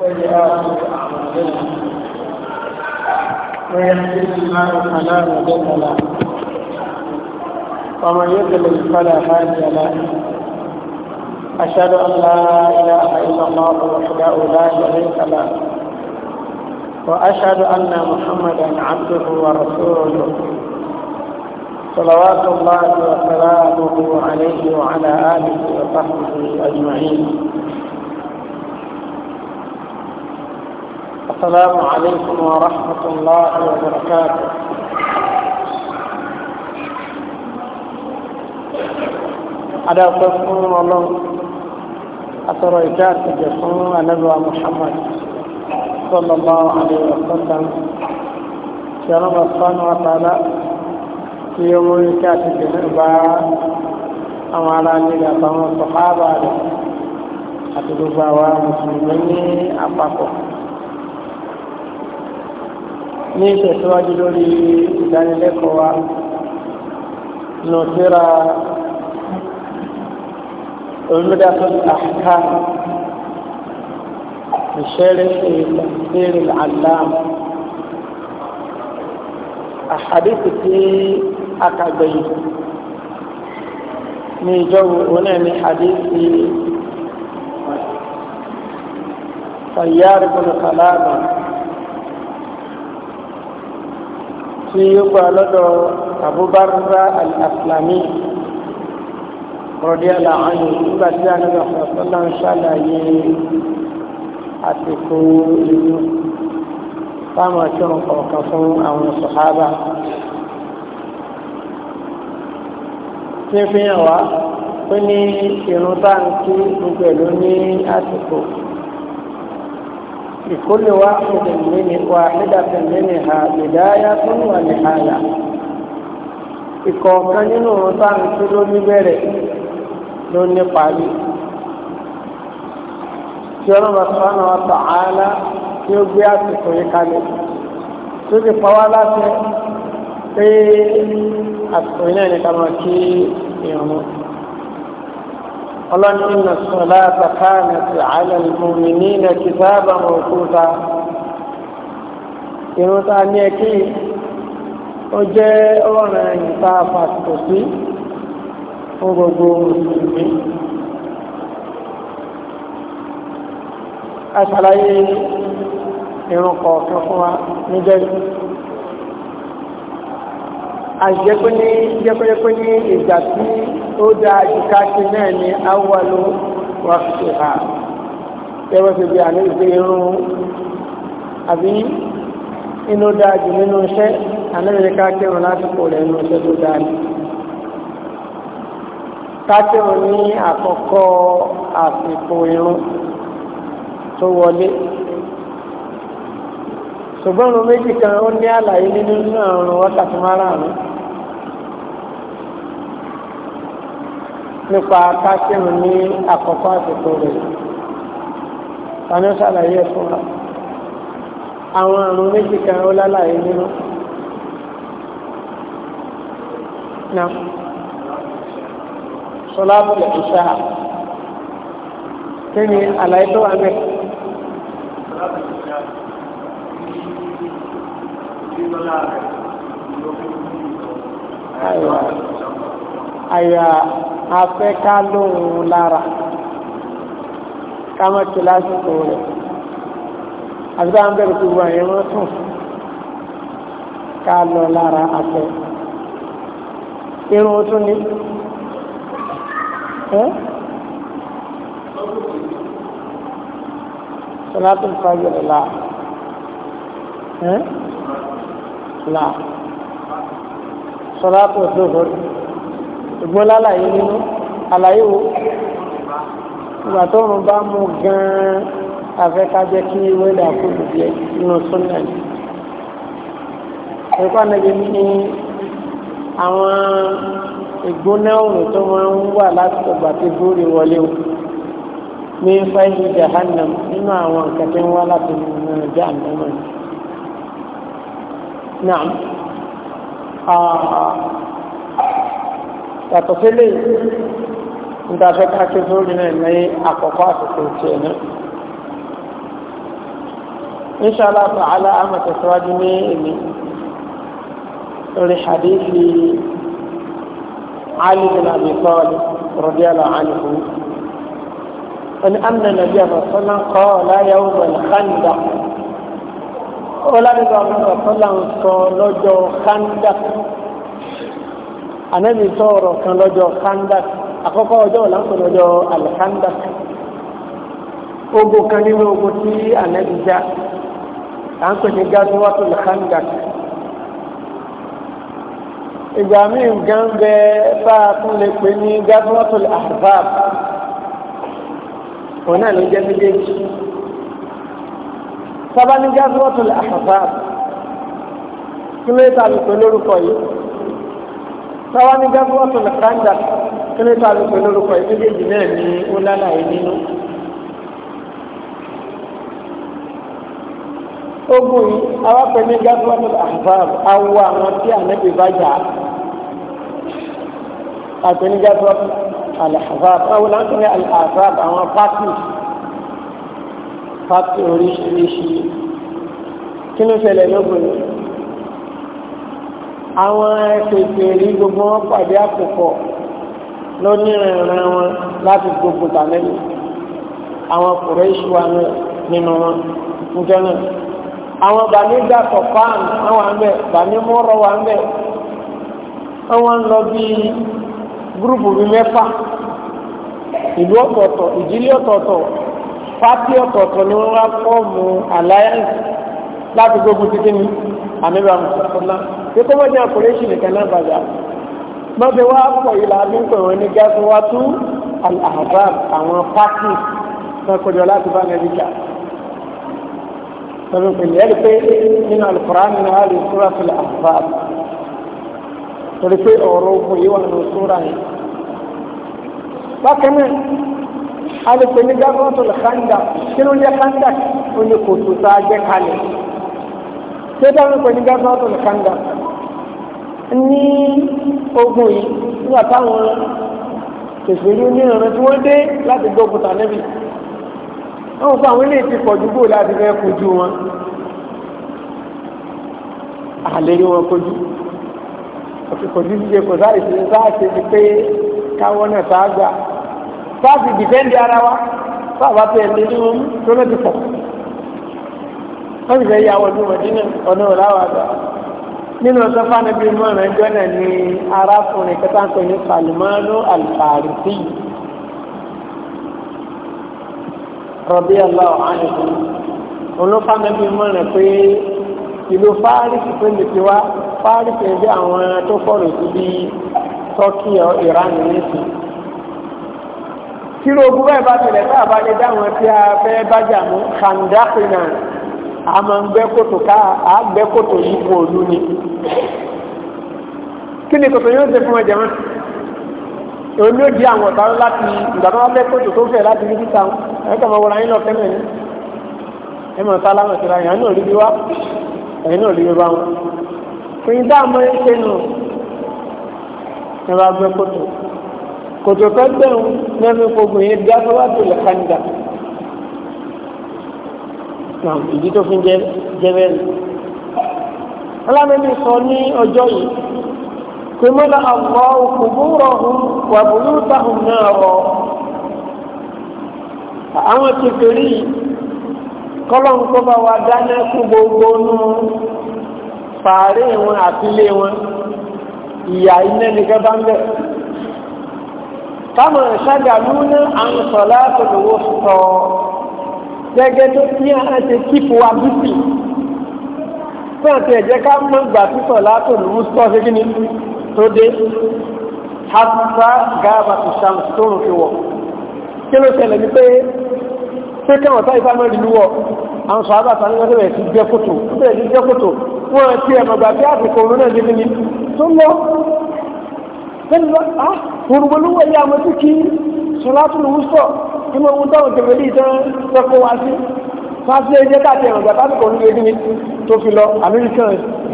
أعمالنا الله فلا مضل له ومن يضلل فلا هادي له أشهد أن لا إله إلا الله وحده لا شريك له وأشهد أن محمدا عبده ورسوله صلوات الله وسلامه عليه وعلى آله وصحبه أجمعين السلام عليكم ورحمة الله وبركاته ada ọpẹ́ fún Ọlọ́run atọrọ ìjà àtẹjẹ fún anabiwa Muhammad sallallahu alaihi wa sallam tí ọlọ́mọ sọ́nù àtàlà tí ọmọ ìjà àtẹjẹ náà bá àwọn ará nílẹ̀ àtàwọn sọ̀hábà rẹ̀ àti gbogbo àwa mùsùlùmí ní àpapọ̀ ní ìtẹ̀síwájú lórí ìdánilẹ́kọ̀ọ́ wa nùtírà olùdásọ́lù àṣìká ìṣẹ́rẹ́ ìtẹ̀síwájú àlám àhàdìsì tí a kàgbẹ̀yìn ní ìjọ́wò oní ẹni àdìsì Sayyar bin Salama tí ó gba lọ́dọ̀ abubarra al-aslami radiyallahu anhu nígbà tí a nígbà fọ́sọ́lá ń ṣàlàyé àsìkò ìlú fáwọn tí wọn kọ̀ọ̀kan fún àwọn sàhábà tí ń fi hàn wá ó ní irun bá ń kí gbogbo ẹ̀ ló ní àsìkò لكل واحد من واحدة منها بداية ونهاية ìkọ̀ọ̀kan nínú ọ̀rọ̀ tá à ń tún ló ní bẹ̀rẹ̀ ló ní parí tí ọlọ́run sọ́nà ọ̀tọ̀ ààlá tí ó gbé àsìkò yìí kalẹ̀ tó ti pa wá láti pé àsìkò yìí náà ní ká máa kí ìrànwọ́ ọlọ́ni iná sọ̀lá sàkáàmì sí àlẹ́lùmí ní ilẹ̀ tí sábà mọ̀ òkúta irun tá a ní ẹkí ó jẹ́ ọ̀rọ̀ ẹ̀yìn tá a fàtò sí fún gbogbo mùsùlùmí. a ṣàlàyé irun kọ̀ọ̀kan fún wa níjẹ́rìí àjẹpẹ́ ní jẹ́pẹ́jẹ́pẹ́ ní ìgbà tí ó da ìka ṣe náà ní awọ́lu wà fi hà yẹ́wọ́ fi bí àná ìgbé irun àbí inú dáa jù nínú iṣẹ́ ànábìrì ká kírun lásìkò rẹ̀ nínú iṣẹ́ tó dáa ní. ká kírun ní àkọ́kọ́ àsìkò irun tó wọlé ṣùgbọ́n méjì kan ó ní àlàyé nínú náà rún wákàtí márùn-ún nípa kásìmù ní àkọ́kọ́ àsìkò rẹ̀ tani ó ṣàlàyé ẹ̀ fún wa àwọn àrùn méjì kan ó lálàyé nínú. na sọláàbù lè fi ṣáà kí ni àlàyé tó wà mẹ́. Ayiwa àyà afẹ́ká lóhun lára kámọ́ kí lásìkò rẹ̀ àti bá ń bẹ̀rẹ̀ tó wà yẹn wọ́n tún ká lọ lára afẹ́ irun tún ní sọlátù fàjọrọ là là sọlátù dóhùrù ṣùgbọ́n lálàyé nínú àlàyé wo ìgbà tó rùn bá mú gan-an afẹ́kájẹ́ kí wẹ́dà kúrò díẹ̀ nínú súnà ní ẹ̀kọ́ ànẹ́bí ní àwọn ìgbóná ọ̀rùn tó máa ń wà láti ọgbà tí bóòrè wọlé o ní fáìlì jahannam nínú àwọn nǹkan tí ń wá láti nínú jahannam náà yàtọ̀ sílé ìdájọ́ káàkiri sórí náà ní àkọ́kọ́ àsìkò tiẹ̀ náà inṣàlá ta'ala a máa tẹ̀síwájú ní èmi lórí hadithi Ali bin Abi Talib radiyallahu anhu wani anna nabi a masana qala yawm al-khandaq ọlọ́dún àwọn masana sọ lọ́jọ́ khandaq anabi sọ̀rọ̀ kan lọ́jọ́ kandak àkọ́kọ́ ọjọ́ làǹkó lọ́jọ́ alkandak ogun kan nínú ogun tí anabi já làǹkó ní gazuwatu alkandak ìgbà míì gan bẹ bá a tún lè pè ní gazuwatu alahzab òun náà ló jẹ méjèèjì sábà ní gazuwatu alahzab kí ló yẹ ká lè pè lórúkọ yìí táwa ní gágbọ́ ọ̀tọ̀lẹ̀ kanda kílé tó àlùkò lórúkọ ìdíléèjì náà ní ó lálàyé nínú. ogun yìí awapẹ ní gágbọ́ ọ̀tọ̀lẹ̀ ahzab awọ àwọn tí ànábì bá jà àti ní gágbọ́ ọ̀tọ̀lẹ̀ ahzab àwọn láti ní ahzab àwọn pátì pátì oríṣiríṣi kí ló ṣẹlẹ̀ lógun yìí. àwọn pèsè gbogbo wọn pàdé àkùkọ wọn láti gbogbo tàlẹ́lì àwọn kùrẹ́ ìṣúwà nínú wọn níjọ náà àwọn bàmí gbàtọ̀ fáàmù wọn wà bàmí mọ́rọ̀ wà ń bẹ̀ wọn ń lọ bí gúrùpù bíi mẹ́fà ìlú ọ̀tọ̀ọ̀tọ̀ ìdílé ọ̀tọ̀ọ̀tọ̀ pátí ọ̀tọ̀ọ̀tọ̀ ni wọ́n wá fọ́ọ̀mù pé kó mọ̀jẹ́ àpòrẹ́sì nìkan náà bàjá máa fi wá pọ̀ ìlà àdúgbò wọn ní gáàsì wá tú al-ahbab àwọn pátì náà kọjọ láti bá nàìjíríà lọ́dún pẹ̀lú ẹ̀rí pé nínú al-Qur'an nínú àlè sura al-ahbab torí pé ọ̀rọ̀ ogun yìí wà nínú sura yìí. bákan náà àlè pé ní gáàsì kanda kí ló ń jẹ́ kanda ó ní kò sáájẹ́ kalẹ̀. ṣé dáhùn pé ní gáàsì kanda ní ogun yìí nígbà táwọn kèfèrí onírànràn tí wọ́n dé láti gbógun tànẹ́bì wọ́n fún àwọn ilé ti pọ̀jù bò láti fẹ́ kojú wọn àlè ni wọn kojú òfìkòjú ṣe kò sáré ṣe sáàṣe ti pé káwọn náà sáà gbà sáàṣì dìfẹ́ǹdì ara wa sáàbà tẹ̀ lé ní wọn tó lọ́ ti pọ̀ wọ́n sì fẹ́ yà wọ́n ní Mọ̀dínà ọ̀nà ọ̀làwà gbà nínú sọfà níbi mọ́ràn ẹjọ́ náà ni arákùnrin kẹta ń pè ní Salmanu Al-Farisi radiyallahu anhu olófà níbi mọ́ràn pé ìlú fárísì pé mi ti wá fárísì ń bí àwọn tó fọ̀rọ̀ sí bí Tọ́kì Iran nìyẹn kí ló gbúgbà ìbátẹ̀lẹ̀ tá a bá lè dá àwọn tí a fẹ́ bájà mú kàńdàkì náà a máa ń gbẹ́ kòtò ká a gbẹ́ kòtò yípo òlu ni kí ni kòtò yóò ṣe fún ẹ̀jẹ̀ mọ́ òní ó di àwọn ọ̀tá láti ìgbà tó wọ́n fẹ́ kòtò tó fẹ́ láti ní títà ẹ̀ kàn máa wọra yín lọ kẹ́mẹ̀ ní ẹ̀ máa sá láwọn ìṣẹ̀lẹ̀ àyàn náà rí bí wá ẹ̀yìn náà rí bí wá wọn. fìyín tá a mọ ẹsẹ̀ nù ẹ̀ bá gbẹ́ kòtò kòtò fẹ́ gbẹ̀rún mẹ́fẹ́ gbogbo yẹn dá náà ìdí tó fi jẹ́ jẹ́bẹ́ rẹ̀. ọlámẹ́bí sọ ní ọjọ́ yìí pé mọ́lá àgbọ̀ òkùnkùnrọ̀ ọ̀hún wà bùrú táhùn náà rọ̀ àwọn kékeré yìí kọ́lọ́n kó bá wa dáná fún gbogbo nú fàárẹ̀ wọn àtìlé wọn ìyà iná nìkan bá ń bẹ̀ kama ṣàgàmú ní àwọn sọ̀lá tó lówó sọ̀rọ̀ gẹ́gẹ́ tó ní àṣẹ kíkó wa bísí fún àti ẹ̀jẹ̀ ká mọ́ ìgbà pípọ̀ látò lùú sọ sí kí ni tó dé hasa gáàbà tó ṣàmù tó rùn fi wọ̀ kí ló ṣẹlẹ̀ ní pé pé káwọn táyì bá mọ́rin lúwọ̀ àwọn sọ àbàtà ní wọ́n ti jẹ́ kòtò bẹ́ẹ̀ ti jẹ́ kòtò wọ́n ti ẹ̀mọ̀gbà tí àsìkò òun náà dé ní tó lọ òrùgbọ́lúwọ̀ yìí àwọn tó kí sọlátùlù wùsọ̀ tí mo mú táwọn tẹ̀lé yìí tán lọ́kọ́ wá sí fásitì ẹ̀jẹ̀ káàtì ẹ̀rọ ìgbà tábìkọ̀ ní ebi ni tó fi lọ amẹ́ríkà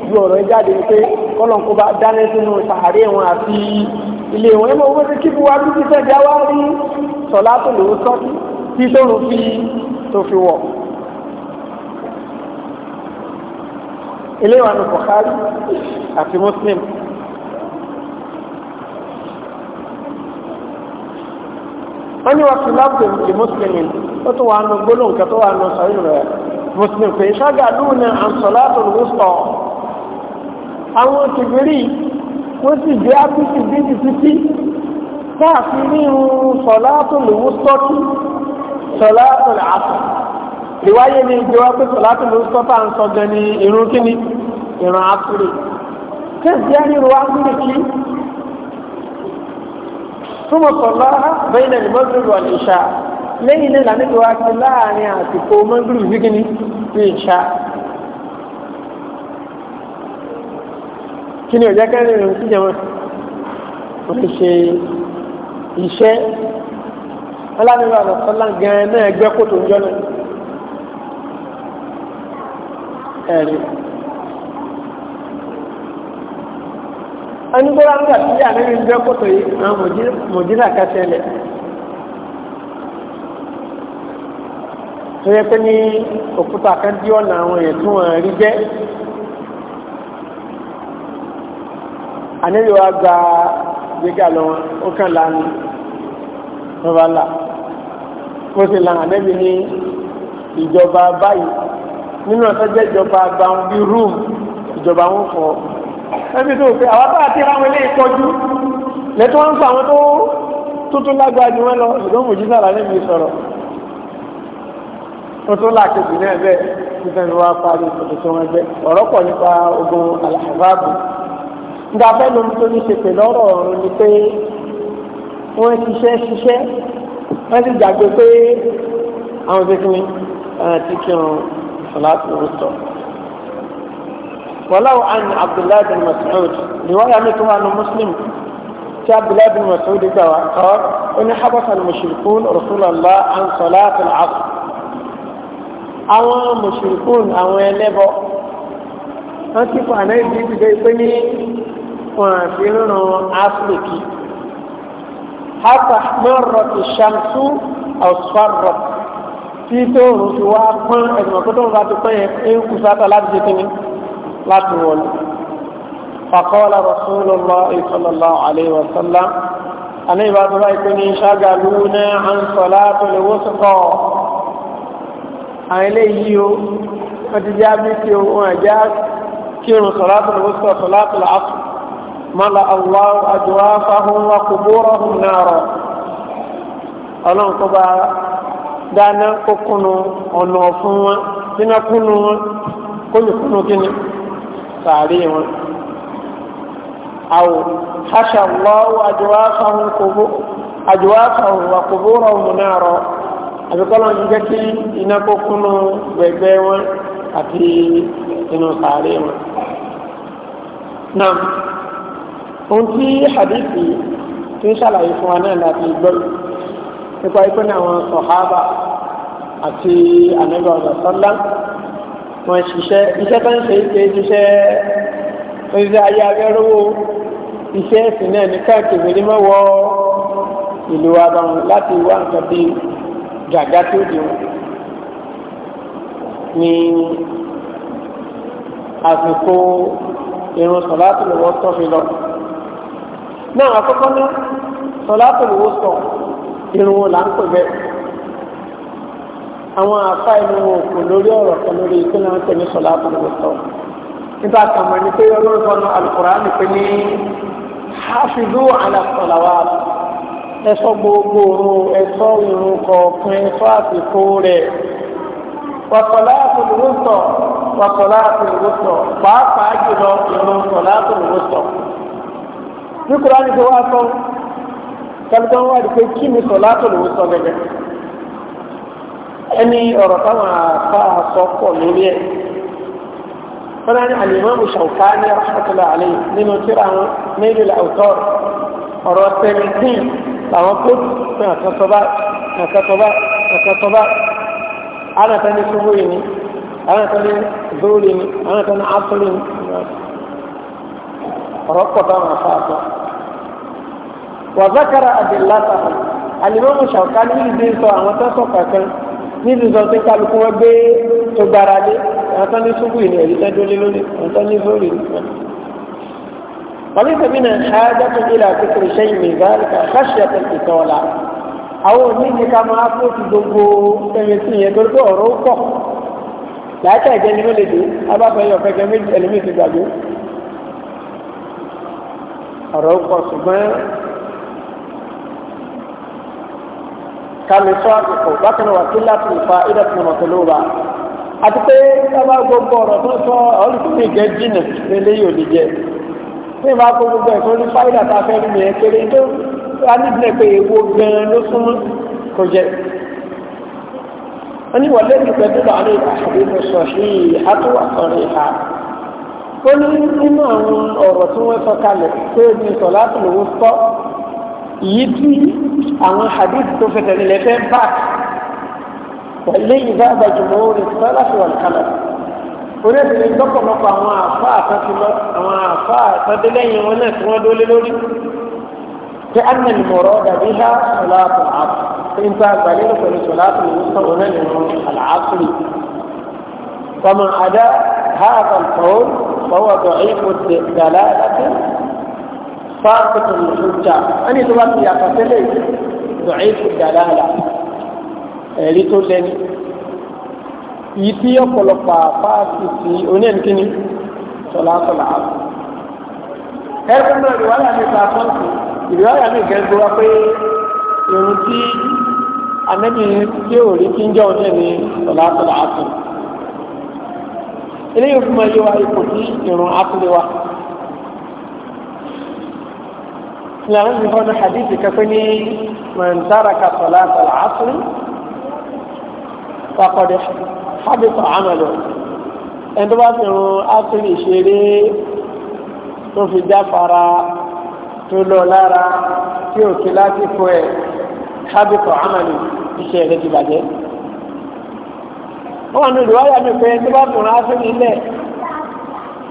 ju ọ̀rọ̀ jáde pé kọ́lọ̀nkó bá dáná sínú sàárè wọn àti ilé wọn ẹ̀mọ́ owó kí fi wá dúdú sẹ́ẹ̀dì á wá rí sọlátùlù wùsọ̀ tí tóun fi tó fi wọ̀. ilé wa ní Bukhari àti Muslim wọ́n ní wọ́n fi lábùdè ní mùsùlùmí ó tún wà nù gbólóhùn kẹtọ́ wà nù sọ́yìn rẹ̀ mùsùlùmí pé ṣáàgà lónà àǹsọ̀látò lùsọ̀ àwọn tìgbìrì wọ́n sì gbé ápìsì bíbí títí káàfin ní irun sọ̀látò lùsọ̀ kí sọ̀látò làásù ìwáyé ni ìjọba pé sọ̀látò lùsọ̀ tá ń sọ gan ni irun kíni ìran àtúrè súnmọ́ sallaha bẹ́ẹ̀ ní mọ́gìrì wà ní ìṣá lẹ́yìn náà lànàbí wa ti láàrin àsìkò mọ́gìrì fíkìní ní ìṣá. kí ni ọ̀já kẹrin ìrìn sí jẹun wọ́n ti ṣe iṣẹ́ ọlọ́nìwà lọ́sọ́lá gan-an náà ẹgbẹ́ kòtò ń jọ náà. anigbola ŋgbà tí anabi ń bẹ kótó yìí àwọn mòjìlá kẹsẹ lẹ tó yẹ pé ní òkúta kan dí ọ̀nà àwọn yẹn tí wọ́n rí jẹ́ anabi wa gba gbéga lọ ó kàn lánà ló bá là ó sì là anabi ní ìjọba báyìí nínú ọ̀sẹ̀ jẹ́ ìjọba gba bí rúùmù ìjọba ń fọ́ ọ ẹbí tó pé àwọn bá àti ráwọn ilé ìtọ́jú lẹ́tọ́ ń fa àwọn tó tuntun lágbára jù wọ́n lọ ṣùgbọ́n mùjísà lálẹ́ mi sọ̀rọ̀ tuntun làkejì náà bẹ́ẹ̀ sísẹ́ni wá parí tuntun wọn bẹ́ẹ̀ ọ̀rọ̀ pọ̀ nípa ogun àlàfáàbù nga fẹ́ lóun tó ní ṣe pẹ̀lú ọ̀rọ̀ ọ̀run ni pé wọ́n ṣiṣẹ́ ṣiṣẹ́ wọ́n sì gbàgbé pé àwọn tuntun ti kírun sọ̀lá tó ń sọ̀rọ̀. ولو عن عبد الله بن مسعود رواية مثل عن مسلم عبد الله بن مسعود قال إن حبس المشركون رسول الله عن صلاة العصر àwọn mùsùlùkùn àwọn ẹlẹ́bọ wọ́n ti fà náà ìdí ìdíje pé ní wọ́n àti rírun áfíríkì hapa mọ́rọ̀ ti ṣàmsú ọ̀sọ́rọ̀ tí tó rùn sí wá pọ́n ẹ̀sùn ọ̀kọ́tọ̀ bá ti pẹ́ yẹn ń kù sátọ̀ láti ṣe kíni láti wọlé fàkọ́ọ́lá rasulullah sallallahu alaihi wa sallam aléìbá tó bá ìpé ní ṣágàlú ní àǹsọ̀lá tó lè wọ́sùkọ́ àìlé yìí o wọ́n ti já bí kí o ẹ̀já kírun sọ̀lá tó lè wọ́sùkọ́ sọ̀lá tó lè asù mọ́lá dáná kó kúnnu ọ̀nà fún wọn sínú kúnnu wọn kó yìí kúnnu kíni sàárè wọn àwò ṣáṣà lọ́wọ́ àjọwáfàhùn wà kòbóra òun náà rọ àbíkọ́lọ̀ ń jẹ́ kí iná kó kúnnú gbẹ̀gbẹ́ wọn àti inú sàárè wọn náà ohun tí hadithi tí ń ṣàlàyé fún wa náà láti gbọ́ nípa ikú ní àwọn sọ̀hábà àti ànágbà ọ̀dọ̀ sọ́lá wọ́n ṣiṣẹ́ iṣẹ́ tó ń ṣe ṣe ṣiṣẹ́ oṣiṣẹ́ ayé abẹ́rówó iṣẹ́ ẹ̀sìn náà ní káàkiri ní mọ́wọ́ ìlú abàmù láti wá nǹkan bí gàgá tó di wọn ní àsìkò irun sọ̀látùlùwọ́ tọ́ mi lọ. náà àkọ́kọ́ náà sọ̀látùlùwọ́ sọ irun wọn là ń pè bẹ́ẹ̀ àwọn àfa inú wọn kò lórí ọ̀rọ̀ kan lórí ikú náà tẹ̀lé sọ̀lá àbúrò sọ. nígbà kan mọ̀ ní pé ọlọ́run fọnà alukur'an pé ní hafidu ala salawat ẹ̀sọ́ gbogbo òru ẹ̀sọ́ ìrun kọ̀ọ̀kan ẹ̀sọ́ àsìkò rẹ̀ wàsọ̀lá àbúrò sọ wàsọ̀lá àbúrò sọ pàápàá jùlọ ìrun sọ̀lá àbúrò sọ. ní kúránì tó wá sọ kálukọ́ wá di pé sọ gẹ́gẹ́ ẹni ọ̀rọ̀ táwọn àfa sọ pọ̀ lórí ẹ̀ wọ́n ní alimami Shawkani rahmatullahi alayhi nínú tíra wọn nílùú làwùtọ́rù ọ̀rọ̀ seventeen làwọn kó fún àkàtọ́bá àkàtọ́bá àkàtọ́bá anatani subu yìí ni anatani zoli ni anatani asoli ni ọ̀rọ̀ pọ̀ táwọn àfa sọ. àwọn tó sọ níbi sọ pé kálukú wọn gbé tó gbára lé àwọn tó ní ṣubú ìní ẹ̀rí tẹ́jú lé lórí àwọn tó ní sórí ní wọn. wọ́n fi mí náà ṣáá dákun ilà kékeré ṣẹ́yìn mi bá ká ṣáṣì ẹ̀tẹ̀ ìtọ́ ọ̀la. àwọn òní ní ká máa kó ti gbogbo ẹ̀yìn sí yẹn torí pé ọ̀rọ̀ ó pọ̀. láàkà ìjẹ́ ni wọ́n lè dé abáfẹ́ yọ kẹ́kẹ́ méjì kàmi sọ àsìkò bákan wà kí láti fa ìdá tó nà tó lóba àti pé sábà gbogbo ọ̀rọ̀ tó sọ olùkúmi jẹ jìnnà lélẹ́ yóò lè jẹ fún ìbá kó gbogbo ẹ̀ tó ní fáìdà tá a fẹ́ rí nìyẹn kéré tó a nídìí pé èwo gan-an ló súnmọ́ kò jẹ. wọ́n ní wọlé ní pẹ̀lú àárẹ̀ àṣàbí mo sọ sí ìhà tó ìhà ó ní nínú àwọn ọ̀rọ̀ tí wọ́n sọ kalẹ̀ pé ní sọ̀ láti lòun sọ ìyí àwọn hadith tó fẹsẹ̀ nílẹ̀ fẹ́ bá pẹ̀lú ìdáàbà jùmọ̀ orí sálàfì wà kálà orí ẹ̀sìn ní lọ́pọ̀lọpọ̀ àwọn àfa àtàkùnlọ àwọn àfa àtàdélẹ́yìn wọn náà tí wọ́n dólé lórí pé anna ni mọ̀rọ̀ dàbí ha sọláàtù àpò ń ta àgbàlẹ́ pẹ̀lú sọláàtù ní sọ̀rọ̀ náà ní àlàáfíì kọ́mọ àdá ha àtàkùnlọ fọwọ́ dọ̀ fáfitì lùsùjà wọn ni tó bá ti yàtọ̀ sílẹ̀ dùnrin kò dàdáàlà ẹ̀rí tó lẹ́ni yìí tí ọ̀pọ̀lọpọ̀ àfáàfìsì oníyẹnìkíní sọ̀làsọ̀là àbù. ẹgbẹ́ náà ìwádìí àmì sàkóńtì ìwádìí àmì gẹ́gẹ́ wá pé irun tí anẹ́bí tí ò rí kí ń jẹ́ ọ̀nà ní sọ̀làsọ̀là àbù. eléyìí fún ẹyẹ wa ipò tí irun àtúndé wa. làwọn ti fọ́nà hadithi kẹ́kẹ́ ní mọ̀ntara kàtọ́lá àtàlà àtúrú pàkọ́dé hábìtọ̀ àmàlò ẹni tó bá fi rún àtúrú ìṣeré tó fi jáfara tó lọ lára tí ò kí láti fọ ẹ hábìtọ̀ àmàlò iṣẹ́ rẹ̀ ti bàjẹ́. wọ́n wà ní olùwáyà mi pé tó bá fi rún àtúrú ilẹ̀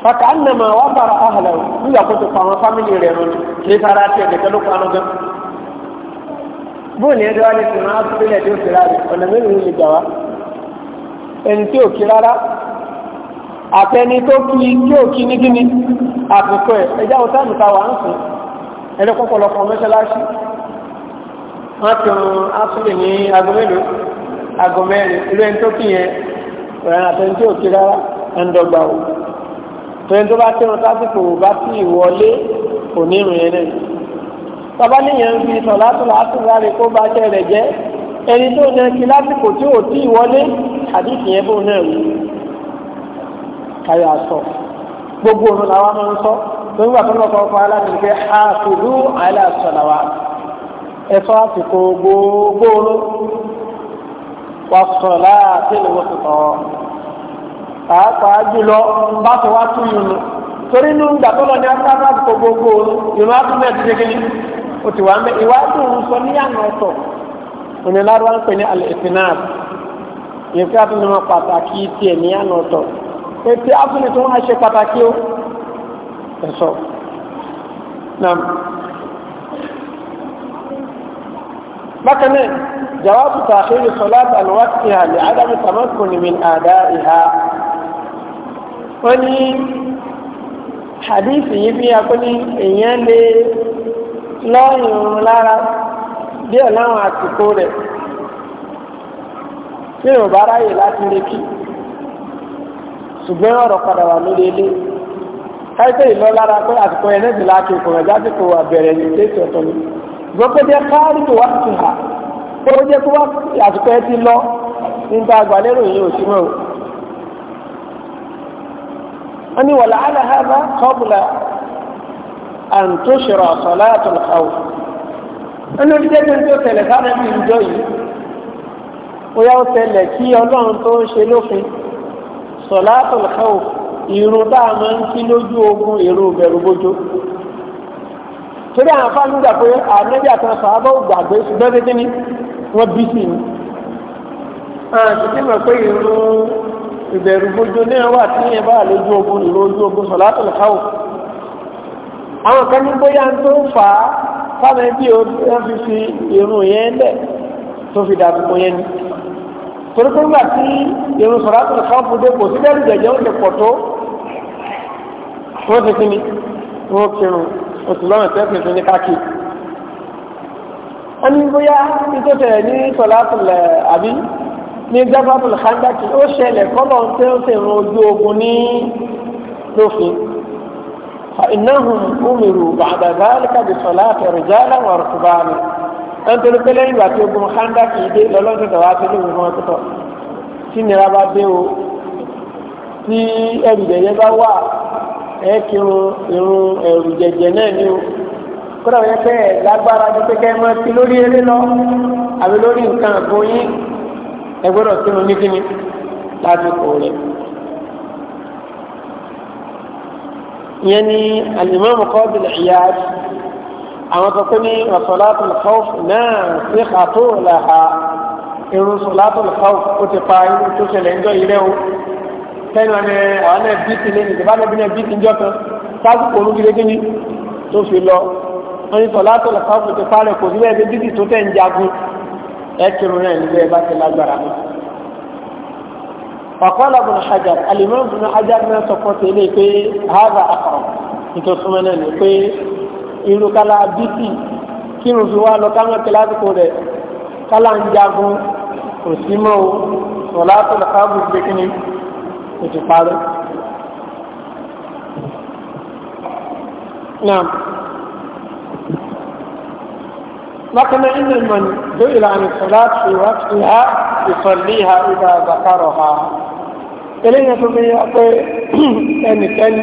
kàkà ànàmà wà bàrà àhàlà nígbà tó ti pa àwọn fámìlì rẹ̀ rún ní sara tiẹ̀ nìkan ló kọ́ gan. bóòlù ẹ̀dọ́ alẹ́ tó máa tó lẹ̀ tó fi rárẹ̀ ọ̀nà mélòó lè gbà wá ẹni tí ò kí rárá àtẹni tó kí tí ò kí ní gíní àtúntò ẹ̀ ẹjá ọ̀tá nìta wà ń sùn ẹni pọ̀pọ̀lọpọ̀ mẹ́sàlásì wọ́n ti rún asúlẹ̀ ní aago mélòó ilé ẹni tó kí yẹn ọ̀rẹ́ àtẹni tí ò rárá ẹni tòun tó bá kírun sásìkò bá tí ìwọlé kò ní ìrìn yẹn náà bàbá níyẹn ń fi sọ̀lá tó láti rárẹ̀ kó bá tẹ̀ rẹ̀ jẹ́ ẹni tó náà kí lásìkò tí ò tí ìwọlé àdìsí yẹn bóun náà wí káyọ̀ àsọ gbogbo òun làwọn máa ń sọ lórí wà tó lọ kọ́ fún aláàbò pé a kò àìláṣọ làwa ẹ̀fọ́ àsìkò gbogbo òun wà sọ̀lá àti pàápàá jùlọ bá tó wá tún yìí torí inú ìgbà tó lọ ní afárá gbogbogbò ìrún àtúnbẹ̀ ti dégé ní o ti wà ń bẹ ìwádìí òun sọ ní àná ọ̀tọ̀ òní lárúbá ń pè ní alẹ́sìnáàbù ìfẹ́ àtúnṣe wọn pàtàkì tiẹ̀ ní àná ọ̀tọ̀ ètò àtúnṣe tí wọ́n ṣe pàtàkì ó ẹ̀sọ́ nam bákan náà jawabu tààkiri sọlá àlùwàkì àlè ádámù tàmákùnrin min àdá ìhà ó ní yìí bí akóní èèyàn lè lọ́yìn lára díẹ̀ láwọn àsìkò rẹ̀ tí ò bá ráyè láti lè kí ṣùgbọ́n ọ̀rọ̀ padà wà lórí ilé ìlọ lára pé àsìkò ẹ̀ láti ìkùnrin àjásìkò àbẹ̀rẹ̀ ní tẹ́sí jẹ́ káàrí wá sí ha jẹ́ kó wá lọ nígbà yìí ò sí wọ́n ní wàlá aláhàbá kọ́bùlà àǹtóṣèrò ọ̀sọ̀lá àtọ̀lọ́kàwò wọ́n ní oríṣiríṣi tó tẹ̀lé sáré bí ìjọ yìí bóyá ó tẹ̀lé kí ọlọ́run tó ń ṣe lófin sọ̀lá àtọ̀lọ́kàwò ìrun tá a máa ń kí lójú ogun èrò ìbẹ̀rù bójó torí àwọn afáàlú gbà pé ànábì àtàwọn sàábà ò gbàgbé ṣùgbọ́n tẹ́tẹ́ ni wọ́n bí sí ni àti tí mo pé ìrun ìbẹ̀rù gbójú náà wà tí yẹn bá lójú ogun ìlú ojú ogun sọ̀látùl khawf àwọn kan ní bóyá tó ń fà á fáwọn ẹbí wọn fi fi irun yẹn lẹ̀ tó fi dàbí mo yẹn ni torí pé nígbà tí irun sọ̀látùl khawf dé kò sí bẹ́ẹ̀ jẹ̀jẹ̀ ó ti pọ̀ tó wọ́n ti fi ni wọ́n kírun oṣù lọ́rùn tẹ́sán tó ní káàkiri wọ́n ní bóyá ní tó tẹ̀lé ní sọ̀látùl àbí ní gábàbùl khandaki ó ṣẹlẹ̀ kọ́lọ̀ tí ó sì rún ojú ogun ní lófin ìnáhùn umiru ba'da zalika bi salati rijalan wa rukbani nítorí pé lẹ́yìn ìgbà tí ogun khandaki dé lọ́lọ́dún tó wá sí lóhùn wọn tó tọ̀ tí nira bá dé o tí ẹrù jẹjẹ bá wà ẹ kírun irun ẹrù jẹjẹ náà ni o kódà wọ́n yẹ lágbára ju pé kẹ́ ẹ máa ti lórí eré lọ àbí lórí nǹkan àgbóyin ẹ gbọ́dọ̀ sínú ní kíni lásìkò rẹ̀. ìyẹn ni alimami kọ́bìlì ìyáàdì àwọn tó kú ní ọ̀sọ̀látùl khawf náà sí àtò làhà irun sọ̀látùl khawf ó ti pa irun tó ṣẹlẹ̀ ń jọ ilé o sẹ́nu ọ̀nà àwọn náà bí ti lé ní ìjọba náà náà bí ti ń kan sásìkò orúkú lẹ́gbẹ̀ẹ́ tó fi lọ wọ́n ní sọ̀látùl khawf ti parẹ́ kò sí bẹ́ẹ̀ bí tó tẹ̀ ń jagun ẹtùrù náà níbi ẹ bá ti lágbára mọ́. ọ̀kọ́lá bùnú hajar alimọ́ bùnú hajar náà sọ̀kọ́ sí ilé pé haza akọ̀rọ̀ nítòsúnmọ́ náà ni pé irú kálá bísí kí n fi wá lọ káwọn kíláàsì kò rẹ̀ kálá ń jagun kò mọ́ o sọ̀lá tó lọ káàbù kí ni kò parí. لكن إن من سئل عن الصلاة في وقتها يصليها إذا ذكرها إلينا تبي أقول أن كان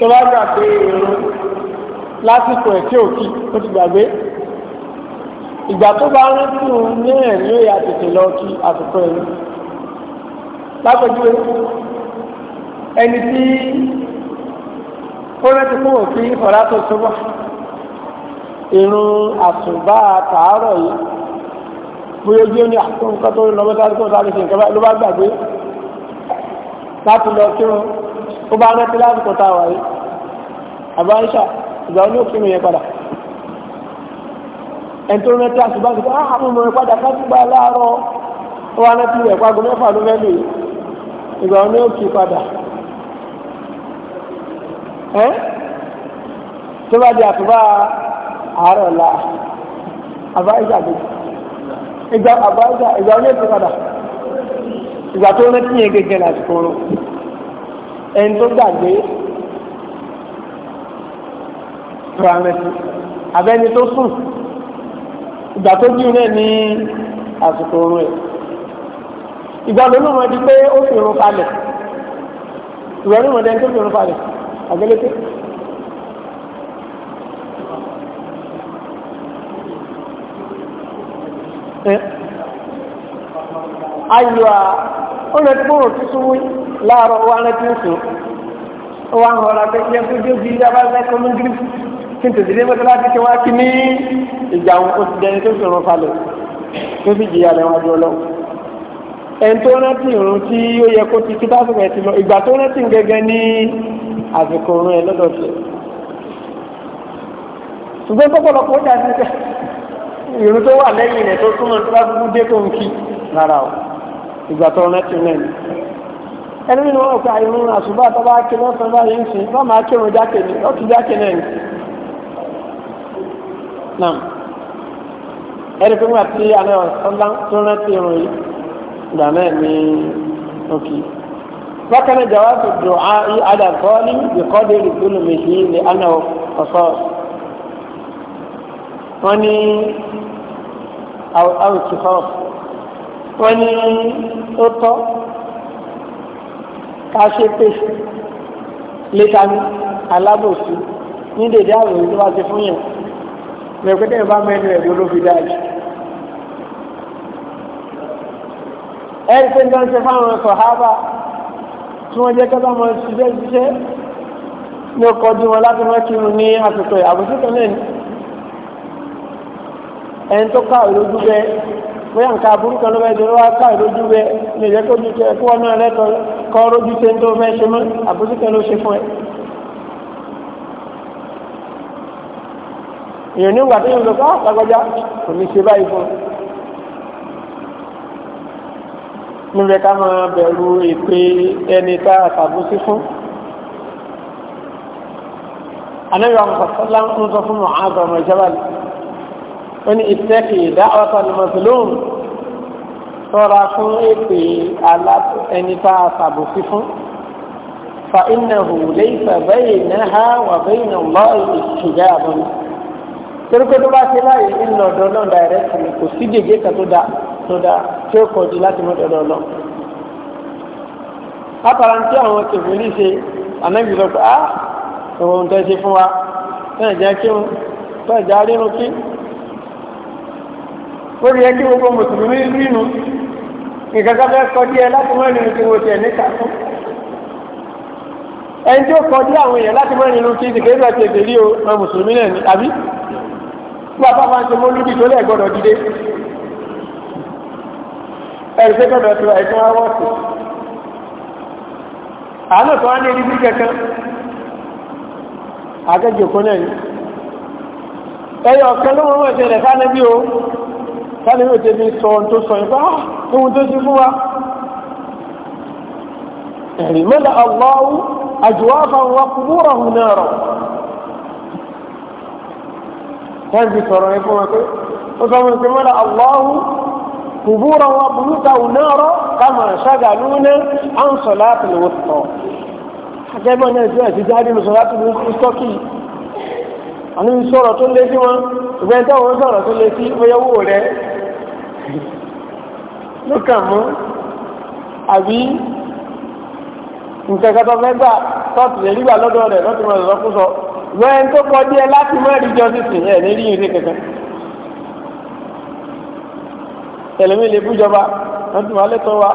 تبقى في lásìkò ẹ̀ tí ò kí ó ti gbàgbé ìgbà tó bá rán sí òun ní ẹ̀rí òye àtètè lọ kí àtòkọ ẹ̀rí lápẹjúwe ẹni tí ó rántí fún òfin ọ̀rá tó tó bá irun asụba tààrọ̀ yìí bóyá ojú ní àtúnkọ́ tó lọ mọ́tàrí tó sáré sí nǹkan ló bá gbàgbé láti lọ kírun ó bá rántí láti kọta wà yìí àbáńṣà ìgbà ó ní òkú mi yẹn padà ẹni tó rántí àsùnbà sí ah padà láàárọ̀ ó wá àárọ̀ ọ̀la àbáyíṣà bí ìgbà àbáyíṣà ìgbà oní ètò padà ìgbà tó rántí yẹn gẹ́gẹ́ láti kóró ẹni tó gbàgbé rántí àbẹ́ni tó sùn ìgbà tó jí rẹ̀ ní àsìkò orun ẹ̀ ìgbà lónìí wọn di pé ó fi irun falẹ̀ ìwẹ́rù wọn dẹni tó fi irun falẹ̀ àgbélépé. ayọ̀ ọ̀nà tí kúrò tó súnmú láàárọ̀ wa rántí ń sùn ó wá ń rọra pé yẹ kó dé bí yaba fẹ́ kó ló ń gírí kí n tètè dé mọ́tò láti ṣe wá kí ní ìjà òun kò sì dẹni tó sọ̀rọ̀ falẹ̀ tó sì jìyà lẹ́wọ̀n jọ lọ. ẹni tó rántí ìrún tí ó yẹ kó ti kí tásìkò ẹ̀ ti lọ ìgbà tó rántí gẹ́gẹ́ ní àsìkò òun ẹ̀ ṣùgbọ́n pọ́pọ́lọpọ̀ ó jà ìrú tó wà lẹ́yìn rẹ̀ tó túnmọ̀ tó bá gbogbo dé tó ń kí rárá o ìgbà tó rántí mẹ́rin ẹni nínú na kọ àṣùbà tó bá kí lọ́sàn bá yìí ń bá máa kírun jákè ní ó ti jákè náà ní. nam ẹni pé wọn àti alẹ́ ọ̀sánlá tó rántí irun yìí náà ní òkè. bákan náà dùn á wọ́n ní àwòtí fọ́rọ̀ wọ́n ní ó tọ́ ká ṣe pèsè létà ní alábòsí ní dèdè àwòrán tó bá ti fún yàn lẹ́gbẹ́dẹ́ bá mẹ́nu ẹ̀gbọ́n ló fi dájú. ẹ̀rí pé ń dán ṣe fáwọn ọkọ̀ hábà tí wọ́n jẹ́ kọ́tà mọ́ ṣiṣẹ́ ṣiṣẹ́ ní ọkọ̀ ọdún wọn láti mọ́ kírun ní àsìkò àbòsí kan náà ẹni tó káwé lójú bẹ bóyá nǹkan aburú kan ló bẹ jẹ wá káwé lójú bẹ lè jẹ kó ju tẹ kó wọn náà lẹtọ kọ lójú tẹ tó fẹ ṣe mọ àbúrú kan ló ṣe fún ẹ. èèyàn ní ìgbà tó lọ sọ àtàgbọjá ah, kò ní ṣe báyìí fún níbẹ̀ ká máa bẹ̀rù ìpè ẹni tá a tàbùsí fún. anáyọ̀ àwọn sọ̀tọ́lá ń sọ fún mọ̀ wọ́n ìtẹ́kì ìdáwọ́ta ni mùsùlùmí sọ́ra fún èpè ẹni tá a sàbòsí fún fa innahu laysa baynaha wa bayna Allahi hijabun torí pé tó bá ṣe láàyè nínú ọ̀dọ́ náà dàrẹ́tì ni kò sí gègé kan tó dáa tó dáa tí ó kọjú láti mú ọ̀dọ́ náà látara tí àwọn kèfèrí ṣe ànábì lọ pé á ah, ìwọ̀n tó ṣe fún wa náà jẹ́ kí wọn tó ẹ̀já rírun kí lórí ẹjẹ́ gbogbo mùsùlùmí rínú ìgbàgbà fẹ́ kọjú ẹ láti mọ́ ìrìn tí mo tẹ̀ níta fún ẹni tí ó kọjú àwọn èèyàn láti mọ́ ìrìn tí ìdìkẹ́ ìgbà tí èdè o ọmọ mùsùlùmí náà ni àbí tí wàá fáfá ń ṣe mọ́ lódì tó lẹ́ gbọ́dọ̀ dìde ẹ̀rí pé gbọ́dọ̀ tó ẹ̀sùn àwọn ọ̀sẹ̀ àánú tó wá ní ibi kankan akẹ́jọ́ kan náà ni ẹ̀yọ̀ kan ló mọ́ mọ́ sáré yóò tẹ́bí sọ ohun tó sọ ìpá ah, ohun tó sí fún wa ẹ̀rì mẹ́lẹ̀ aláwú àjùwáfà wa kúbúrọ̀ hùn náà rọ̀ wọ́n ti sọ̀rọ̀ ẹ̀ fún wa pé ó sọ fún pé mẹ́lẹ̀ aláwú kúbúrọ̀ wa bùrúta hùn náà rọ̀ kama ṣága lúnà án sọ láti lè sọ àwọn ìṣòro tó lé sí wọn ìgbẹ́ntẹ́ wọn sọ̀rọ̀ tó lé sí ìgbéyàwó rẹ̀ ló kàn mú àbí nǹkan kẹtọ mẹgbà tọ́ọ̀tù lè rígbà lọ́dọ̀ rẹ̀ lọ́tù mọ̀ lọ́kù sọ wẹ́n tó kọ díẹ̀ láti má rí jọ́sìsì ẹ̀ ní rí ìrè kankan ẹlẹ́mí lè bú ìjọba wọ́n ti wà lẹ́tọ́ wa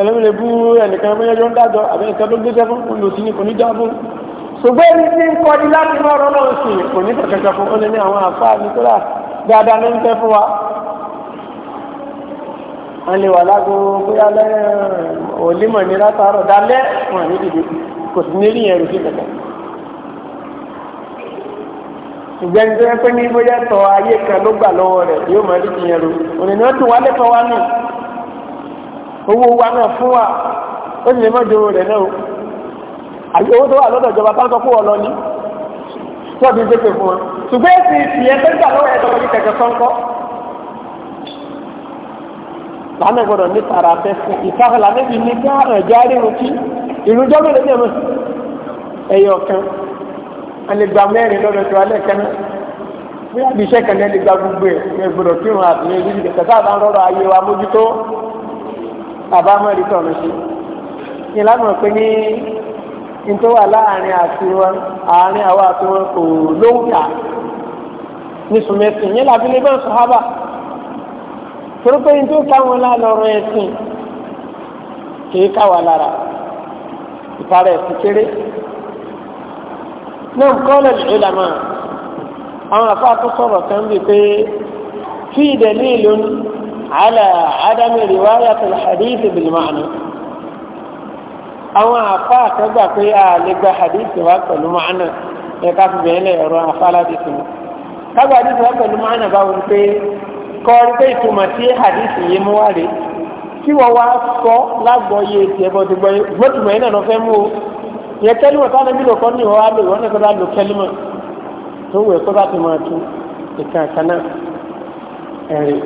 ẹlẹ́mí lè bú ẹnìkan mẹ́yẹ́jọ́ ń dájọ́ àbí nǹkan tó gbé sẹ́fún olùsí ní kò ní jábù ṣùgbọ́n ẹni tí ń kọ́ ni láti má rọ́ náà sì kò ní kankan fún ó lé ní àwọn àfáà nítorá dáadáa ló ń tẹ́ wọ́n lè wà lágbo bóyá lẹ́yìn òlímọ̀ ní látàárọ̀ dalẹ́ wọn ní dìde kò sí ní rí yẹn rúfin kẹ̀kẹ́. ìgbẹ́ni tó yẹ pé ní bóyá tọ ayé kan ló gbà lọ́wọ́ rẹ̀ yóò máa rí yẹn ru òní ni wọ́n tún wá lẹ́tọ̀ wá nù owó wa náà fún wa ó sì lè mọ́ jòrò rẹ̀ náà àti owó tó wà lọ́dọ̀ ìjọba tó ń sọ ní tí wọ́n fi fún wọn ṣùgbọ́n èsì ìfìyẹn tó gbà lọ́wọ́ ẹ̀ lànà gbọ́dọ̀ ní tara fẹ́ fún ìfáhàlà níbi ní ká ẹ̀jẹ̀ arírun kí ìlú jọ́bẹ̀ lè dẹ̀mọ̀ ẹ̀yọ̀ kan alẹ́gbà mẹ́rin lọ́dọ̀ tó alẹ́ kan bí a bí iṣẹ́ kan lẹ́ni gba gbogbo ẹ̀ ẹ̀ gbọ́dọ̀ kírun àtìlẹ́ ìlú ìdíkẹ̀ tá a bá ń ayé wa mójútó àbámọ́ ìdí tọ̀nù sí ìlànà pé ní nítorí wà láàrin àti wọn àárín àwọn àti wọn kò lóǹkà ní sùmẹ́sì ní làbílẹ̀ bẹ́ẹ̀ sọ̀hábà torípé ní tó káwọn lálọ́rọ̀ ẹ̀sìn kìí káwa lára ìparẹ́ ẹ̀sìn kéré náà kọ́lẹ̀ ìlànà àwọn afá tó sọ̀rọ̀ kan bíi pé fi dalilun ala adami riwayat al-hadith bil ma'na àwọn afá kan gbà pé a lè gba hadith wa pẹ̀lú ma'na ẹ̀ka fi bẹ̀rẹ̀ ọ̀rọ̀ afá sùn kágbà hadith pẹ̀lú ma'na báwo ni pé kọ́ ọ́ pé ìtumọ̀ tí hadisi yìí mú wá rè tí wọ́n wá sọ lágbọ́yé tiẹ̀ bọ́ ti gbọ́ yé gbọ́tùmọ̀ yìí náà lọ fẹ́ mú o yẹ kẹ́límọ̀ táwọn ẹbí lò kọ́ ní ìwọ́n á lò wọ́n náà tó bá lò kẹ́límọ̀ tó wù ẹ́ kó bá ti máa tu ìkan kan náà ẹ̀rì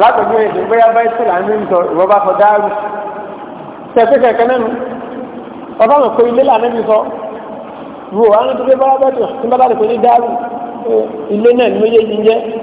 látọ̀gbọ́n èdè bóyá báyìí tó là ń rí ìwọ́n bá fọ dáàrú tẹ̀sí kẹ̀kẹ́ náà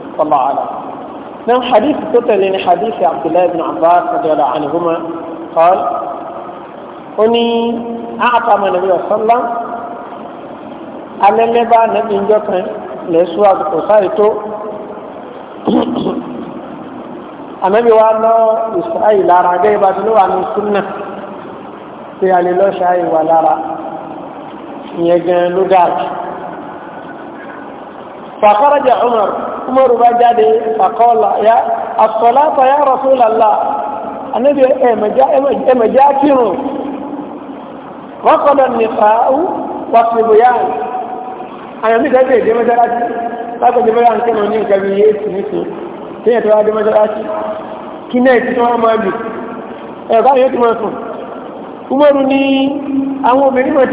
والله أعلم نعم حديث تتل حديث عبد الله بن عباس رضي الله عنهما قال أني أعطى من النبي صلى الله عليه وسلم على لبا نبي جوكا لسوا قصايته ànábi wa lọ ìsáyì lára gẹ́gẹ́ bá ti ló wà ní súnà tí a lè lọ ṣáyì wà lára ìyẹn gan ló dáa jù. fàkọ́rọ̀jà Umar umaru ba jáde fàkọ́ọ̀lá ya as ya rasulallah anabi ẹ̀mẹ̀já kírun wọ́kọ̀dọ̀ nìfàáwù wàsibúyàn àyàmí dẹ́gbẹ̀ èdè mẹ́sàrájì lágbàjẹ́ mẹ́rà ń kẹ́nà ní nǹkan bí iye èsì nìsí tí yẹn tó wá dé mẹ́sàrájì kí náà ti tó wọ́n máa lù ẹ̀bá yóò ti umaru ní àwọn obìnrin mọ̀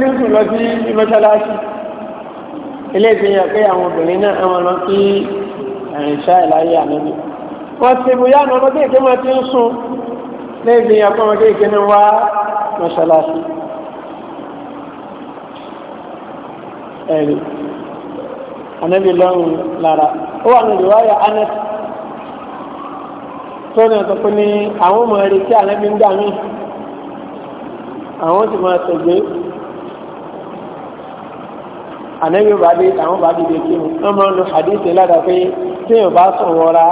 tí àìṣá ìláyé ànábì wọ́n ti bu yánu ọmọ kéèké máa ti ń sùn léèdè ọkọ ọmọ kéèké ní wá mọ́ṣáláṣí ẹ̀rí ànábì lọ́rùn lára ó wà nílùú wáyà anet tó ní ọ̀tọ̀ pé ní àwọn ọmọ rẹ̀ tí ànábì ń dà mí àwọn ti máa tẹ̀gbé ànábì bàbí àwọn bàbí bèkí wọn máa ń lo ládàá pé tí bá sùn wọra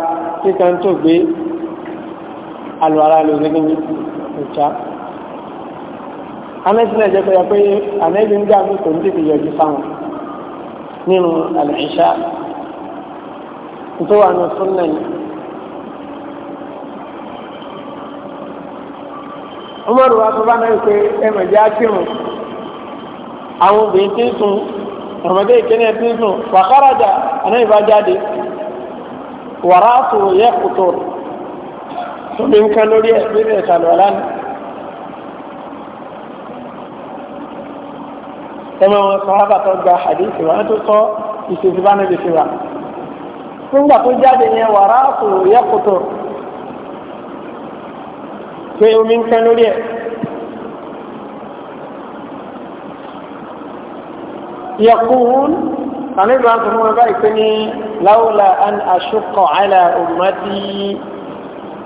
kíkan tó gbé alùwàrà lè ní na anẹ́sílẹ̀ jẹ́ pẹ́yà pé anẹ́bí ń gbà mí kò ní yọjú sáwọn nínú àlẹ́ṣà tó wà ní yìí Umaru wa tó bá náà pé ẹmọ̀ jẹ́ ákírun àwọn obìnrin tí ń sùn ọ̀rọ̀mọdé ìkíní ẹ̀ tí ń sùn wàkáràjà anẹ́bí bá jáde وراسه يخطر فمن كانوا لي حبيبه الولد كما هو صحابة تلقى حديث ما تلقى يستثبان بسوى ثم تلقى بني وراسه يقطر في يومين كانوا لي يقول àníbà tó fún wọn báyìí pé ní láwùlà an àṣùkọ àìlà ummati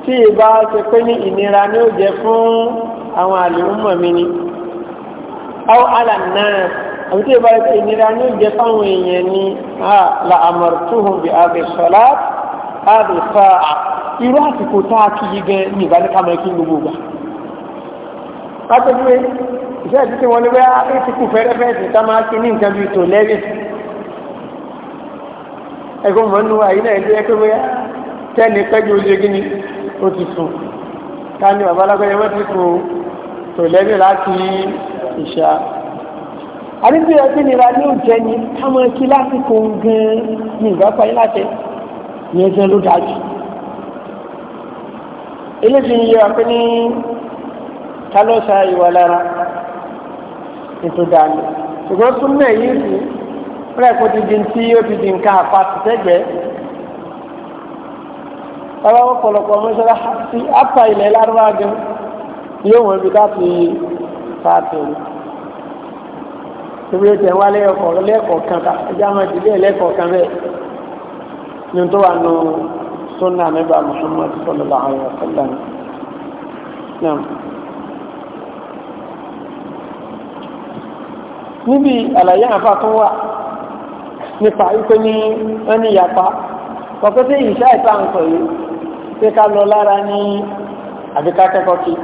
tí ìbá ṣe pé ní ìnira ni ó jẹ fún àwọn àlùmọ̀ mi ni aw ala náà àbí tí ìbá ṣe pé ìnira ni ó jẹ fáwọn èèyàn ni la amartuhum bi abi salat abi sa'a irú àsìkò tá a kì í ní ìbánikàmọ́ kí gbogbo gbà látọ̀jú iṣẹ́ ìdíkẹ́ wọn ni wẹ́ ẹgbẹ́ mọ́nú àyí náà ẹgbẹ́ ẹgbẹ́ bóyá tẹ́ni pẹ́jù oṣù gíní ó ti sùn ká ní bàbá alágbẹ́yẹ wọ́n ti sùn tò lẹ́nu láti ìṣá. àdébí ẹgbẹ́ nira ní òjẹ́ ni ká máa kí lásìkò gan-an ní ìgbà pàyín láti ìyẹn jẹ́ ló dájú. eléyìí ń yẹ wá ní kálọ́sà ìwà lára ètò dànù ṣùgbọ́n súnmọ́ èyí sì fúlẹ̀ kó ti di ntí ó ti di nǹkan àpàtìsẹ́gbẹ́ bàbá wọn pọ̀lọpọ̀ mọ́ṣáláṣí apá ilẹ̀ lárúbáwá gan yóò wọ́n ibi láti fàtẹ́lì torí ẹ̀jẹ̀ wá lẹ́ẹ̀kọ̀ lẹ́ẹ̀kọ̀ọ̀kan ká ẹjẹ́ àwọn ìdílé lẹ́ẹ̀kọ̀ọ̀kan bẹ́ẹ̀ ní tó wà nù sunna nígbà Muhammad sallallahu alaihi wa sallam náà. níbi àlàyé àfa tó wà nípa wípé ní wọ́n ní ìyapa kọ̀ọ̀kan tí ìṣá ìta ń sọ yìí pé ká lọ lára ní àbíká kẹ́kọ̀ọ́ kí.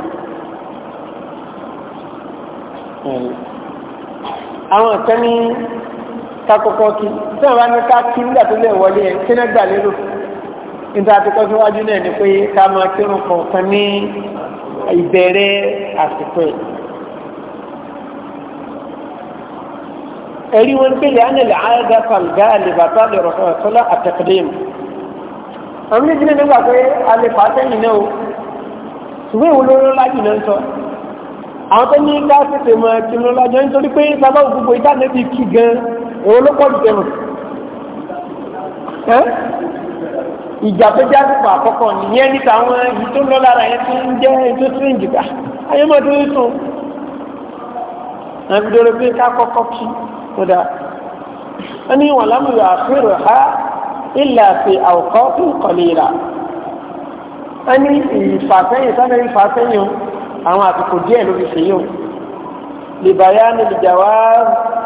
àwọn kan ní kakọ̀kọ́ kí tí wọ́n bá ní ká kí nígbà tó lè wọlé ẹ̀ kí náà lérò níta àti kọ́ síwájú náà ni pé ká máa kírun kọ̀ọ̀kan ní ìbẹ̀rẹ̀ àsìkò ẹ̀. ẹ̀rí wọn pé lẹ́yìn ilẹ̀ àádá fàlgá àlèbàtà lè rọ̀ sọ́lá àtẹ̀kẹ́lẹ́mù. àwọn méjì na nígbà pé alẹ́fà sẹ́yìn náà o ṣùgbọ́n ìwò lóró lájì náà ń sọ. àwọn tó ní ká tètè mọ tinú lájọ nítorí pé bàbá gan nìyẹn níta àwọn tó lọ lára yẹn tó ń ètò ayé tó ń sùn. kódà wọ́n ní wọ́n lámùú àfihàn ha ilà fi àwòkọ́ tó kọ̀lìlà wọ́n ní ìfàsẹ́yìn sábẹ́ ìfàsẹ́yìn àwọn àsìkò díẹ̀ ló fi ṣe yóò lìbàyá ní ìjàwá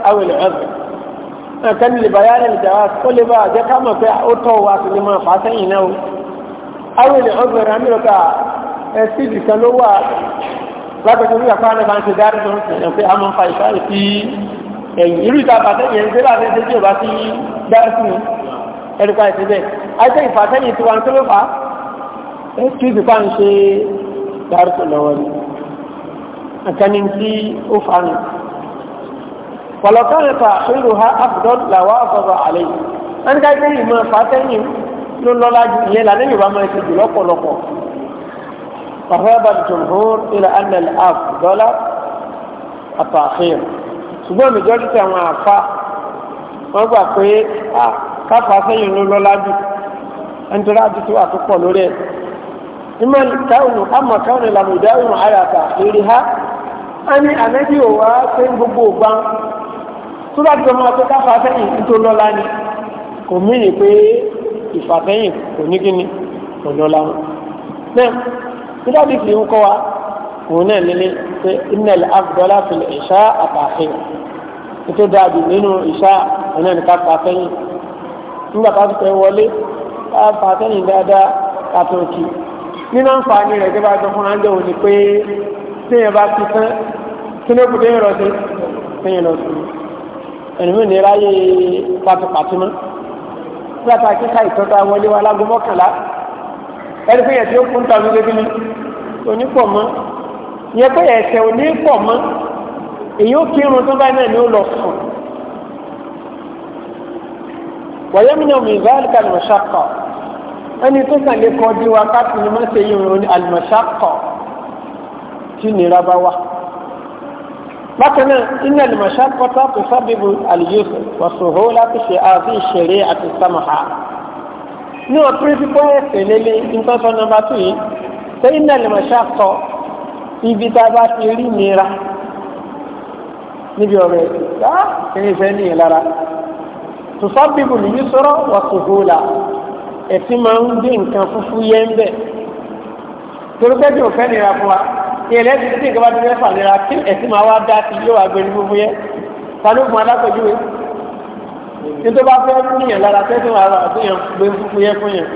awèlè ọ̀sẹ̀ nǹkan lìbàyá ní ìjàwá ó lè bá àjẹ́ ká mọ̀ pé ó tọ́ wa sì lè máa fàsẹ́yìn náà awèlè ọ̀sẹ̀ rẹ̀ amírọ̀ta ẹ̀sì ìdìkan ló wà lágbàdo ní àpá náà bá ń ṣe dárí lọ́sẹ̀ ẹ̀ pé a máa ń fa ìfáàrí ẹ̀yìn irú ìta bàtẹ́yìn ẹ̀ńtẹ́ bá tẹ́tẹ́ tí ò bá ti dá sí mi ẹ̀rù pa ẹ̀sẹ̀ bẹ́ẹ̀ àìsẹ́ ìfàtẹ́yìn tiwa ní kíló fà á ẹ̀kíìsì pa ń ṣe dárúkọ lọ́wọ́ ni àkànní tí ó fà á nù. pọ̀lọ́kàn ẹ̀ta ìlú ha àbùdọ́ làwọn àfọ̀bọ̀ àtàkìrì ṣùgbọ́n majority àwọn àfa wọ́n gbà pé káfà sẹ́yìn ló lọ́lá jù ẹnitọ́lá jù tó àtúpọ̀ lórí ẹ̀ ìmọ̀ káwọn àmọ̀ káwọn ìlànà ìdáhùn àyàtà èrè ha a ní ànẹ́bí ò wá pé gbogbo ògbà tó bá jọ máa káfà sẹ́yìn tó lọ́lá ni kò mìíràn pé ìfàsẹ́yìn kò ní kíni kò lọ́lá wọn. náà tó dábìí ń kọ́ wa òun náà nílé pé innal afdala fil isha àtàfẹ́ ètò dáàbò nínú isha òun náà nìka pàfẹ́yìn nígbà tá a ti fẹ́ wọlé ká pàfẹ́yìn dáadáa ká tó kí nínú àǹfààní rẹ̀ gẹ́gẹ́ bá a sọ fún ránjẹ́ òun ni pé téèyàn bá ti tán kí ló kù téèyàn lọ sí téèyàn lọ sí ẹ̀nìmí ní ráyè pátápátá mọ́ nígbà tá a kí ká ìtọ́ta wọlé wa lágbo mọ́kànlá ẹni pé tí ó kún tàbí gẹ́gẹ́ ni onípọ̀ mọ́ yẹn pé ẹ̀ṣẹ̀ ò ní pọ̀ mọ́ èyí ó kírun tó báyìí náà ni ó lọ sùn wàyẹ́mìnà omi ìbáyàlìkà àlùmọ̀ṣàkọ̀ ẹni tó kàn lè kọjú wa káàtì ni má ṣe yìí ní àlùmọ̀ṣàkọ̀ tí nira bá wà bákan náà iná àlùmọ̀ṣàkọ̀ tó tó sábìbù àlùyọ́sọ wàṣọ̀hó láti ṣe àfi ìṣeré àti sàmàhà ní ọ̀pẹ́rẹ́sì pọ́ ẹ̀sẹ̀ lélẹ̀ ìtọ́sọ nọ́mbà tó yìí sẹ́yìn náà àlùmọ̀ṣàkọ̀ ibi tá a bá ti rí nira níbi ọ̀rọ̀ ẹ̀sìn tá kìíní ìfẹ́ nìyẹn lára tùsọ́bìbù nìyí sọ̀rọ̀ wàtúhùlà ẹ̀sìn máa ń gbé nǹkan fúnfún yẹn ń bẹ̀ torí pé bí òfẹ́ nira fún wa ìyẹlẹ́ ti tí ìjọba ti fẹ́ fà nira kí ẹ̀sìn máa wá dá sí yóò wá gbé ní fúnfún yẹn tanúkùn alákọ̀júwe nítorí bá fẹ́ níyàn lára tẹ́sán ara àtúnyàn gbé fúnfún yẹn fún yẹn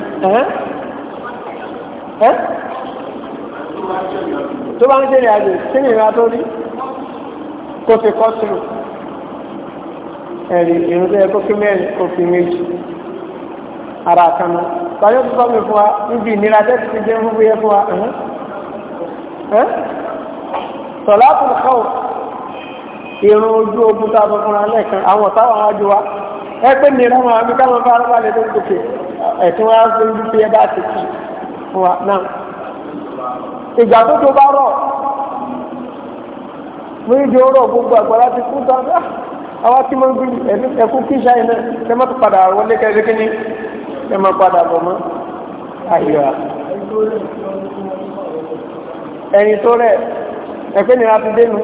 tó bá ń ṣe ìrìnàjò kí ni ìrìnà tó rí kó fi kọ́ sínú ẹ̀rí ìrìn tó yẹ kó fi mẹ́rin kó fi méjì ara kan náà báyọ̀ tó bá mi fún wa níbi ìnira tẹ́tí ti jẹ́ fún yẹ fún wa sọ̀lá tó kọ́ ìrìn ojú ogun tá a bọ̀ fúnra lẹ́ẹ̀kan àwọn táwọn ajú wa ẹ pé nira wọn àbí káwọn bá arábàlẹ̀ tó ń tòkè ẹ̀tún wa fi ń bí ẹ bá ti kì fún wa náà ìgbà tó tó bá rọ̀ mo ní di ọ̀rọ̀ gbogbo àgbàlá ti kú tán ah, àwa tí mo gbé ẹni ẹkú kíṣà yìí náà ẹ má padà wọlé kẹrẹ kíní ẹ má padà bọ̀ mọ́ àyà ẹni tó rẹ̀ ẹ̀pẹ́ nira ti dénú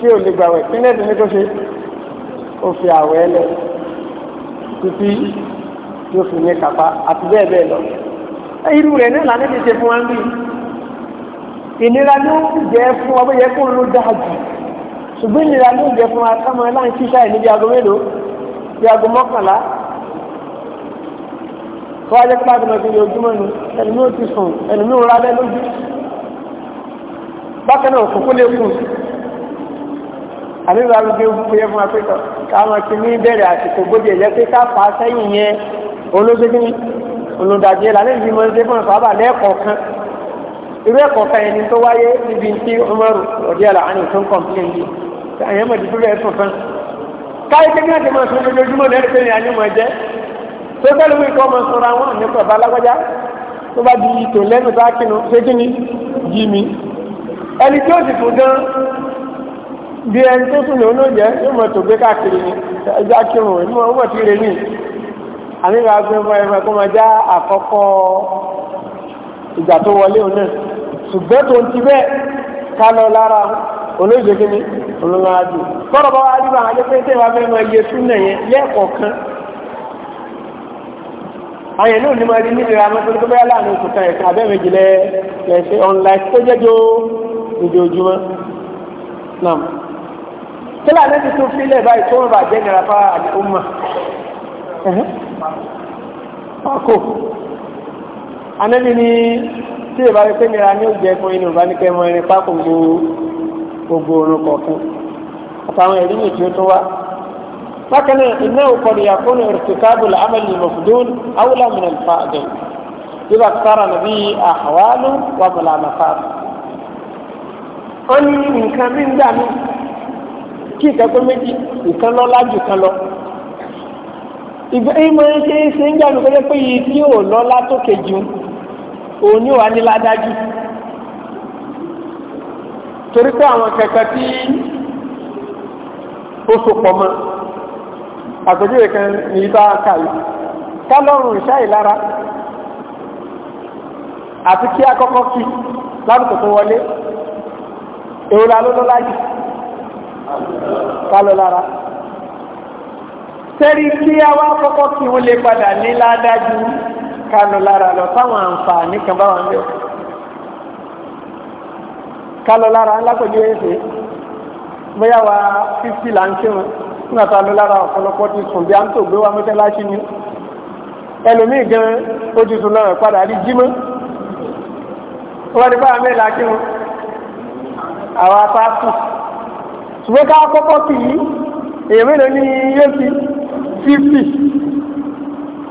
tí ò lè gbàwẹ̀ kí lẹ́dùn ní kó ṣe ó fi àwẹ̀ lẹ̀ títí yóò fi ní kápá àti bẹ́ẹ̀ bẹ́ẹ̀ lọ irú rẹ̀ náà lànà ti ṣe fún wa ń bí ìnira ló ń jẹ́ fún wa bó yẹ kó ló dáa jù ṣùgbọ́n ìnira ló ń jẹ́ fún wa kámọ́ láì ṣíṣá ẹ̀ níbi aago mélòó bí aago mọ́kànlá tó wáyé pàdé náà ti yọ ojúmọ́ nu ẹlòmí ò ti sùn ẹlòmí ò rálẹ́ lójú bákan náà òkú lè kù àbí bá gbé gbogbo yẹ fún wa pé káwọn ti ní bẹ̀rẹ̀ àsìkò gbòdì ẹ̀jẹ̀ pé ká fà á sẹ́yìn yẹn olóṣèlú olùdàjẹ́ làlẹ́ ìgbìmọ̀ ṣe fún ọ̀sán àbàlẹ́ ẹ̀kọ̀ọ̀kan irú ẹ̀kọ́ kan ẹni tó wáyé níbi tí Umaru ọ̀dí àlàáni tó ń kọ̀m̀pílẹ̀ yìí àyàn mọ̀ dídúró ẹ̀ tuntun káyé pé ní àjẹmọ̀ sọ lójoojúmọ́ náà pé ní àyẹ̀mọ̀ jẹ́ tó fẹ́ẹ́ lómi kọ́ ọmọ sọ̀rọ̀ àwọn àmì pẹ̀lú alágbájá tó bá di ìtò lẹ́nu bá kinu ṣé kí ni yí mi ẹni tí ó sì tún gan bí ẹni tó tún lòun náà jẹ́ yóò mọ̀ tó gbé káàkiri ni ẹja kírun ìlú wọn mọ̀ tí ì rẹ̀ ní àmì ìgbà gbé fún ẹ ṣùgbọ́n tó ń ti bẹ́ẹ̀ ká lọ lára olóògbé kí ni olóńgbà jù kọ́rọ̀ bá wá rí bá àjẹ́ pé tẹ́wàá mẹ́rin ẹyẹ súnà yẹn lẹ́ẹ̀kọ̀ọ̀kan àyẹ̀ náà ní máa rí nílẹ̀ ra mẹ́fẹ́ tó bẹ́ẹ̀ láàrin oṣù kan ẹ̀ka abẹ́ méjì lẹ́ ẹ̀ṣẹ́ online tó jẹ́jọ́ ojoojúmọ́ náà kílà lẹ́ni tó fílẹ̀ báyìí tó ń bà jẹ́ nira fa àdéhùnmá pákó anẹ́bí ni tí ìbá rí pé nira ní òjẹ fún inú ìbá ní kẹmọ irin pákó gbogbo orun kọ̀ọ̀kan àtàwọn ẹ̀rí yìí tí ó tó wá. bákan náà iná òkọ̀dì àkóónù ìrìsìkáàbù làmàlì mọ̀fùdún áwùlà mìíràn fàdé ìbá sára nàbí àhàwálù wà bọ̀là àmàfàdé. ó ní nǹkan bí ń dà mí kí ìtẹ́kọ́ méjì ìkan lọ lájú kan lọ ìgbà ìmọ̀ ẹ̀ ṣe ń jà òun yóò wá ní ládájú torí pé àwọn kẹ̀kẹ́ tí ó sopọ̀ mọ́ àpèjúwe kan ní ibà kàlù kálọ́rùn ìṣáì lára àti kí akọ́kọ́ kí lárúkọ tó wọlé èwo la ló lọ lára sẹ́rí kí a wá kọ́kọ́ kí wọ́n lè padà ní ládájú kánu lára lọ táwọn àǹfààní kan bá wọn lé kálọ lára ńlákòjú ẹsẹ bóyá wa fífi là ń kírun nígbà tá a lọ lára ọ̀pọ̀lọpọ̀ ti sùn bí a ń tò gbé wa mọ́tẹ́láṣí ni ẹlòmíì gan ó ti sùn lọ́rọ̀ padà rí jímọ́ wọ́n ti báyà mẹ́la kírun àwọn apá kù ṣùgbọ́n ká kọ́kọ́ kì í èèyàn mélòó ni yóò fi fífi.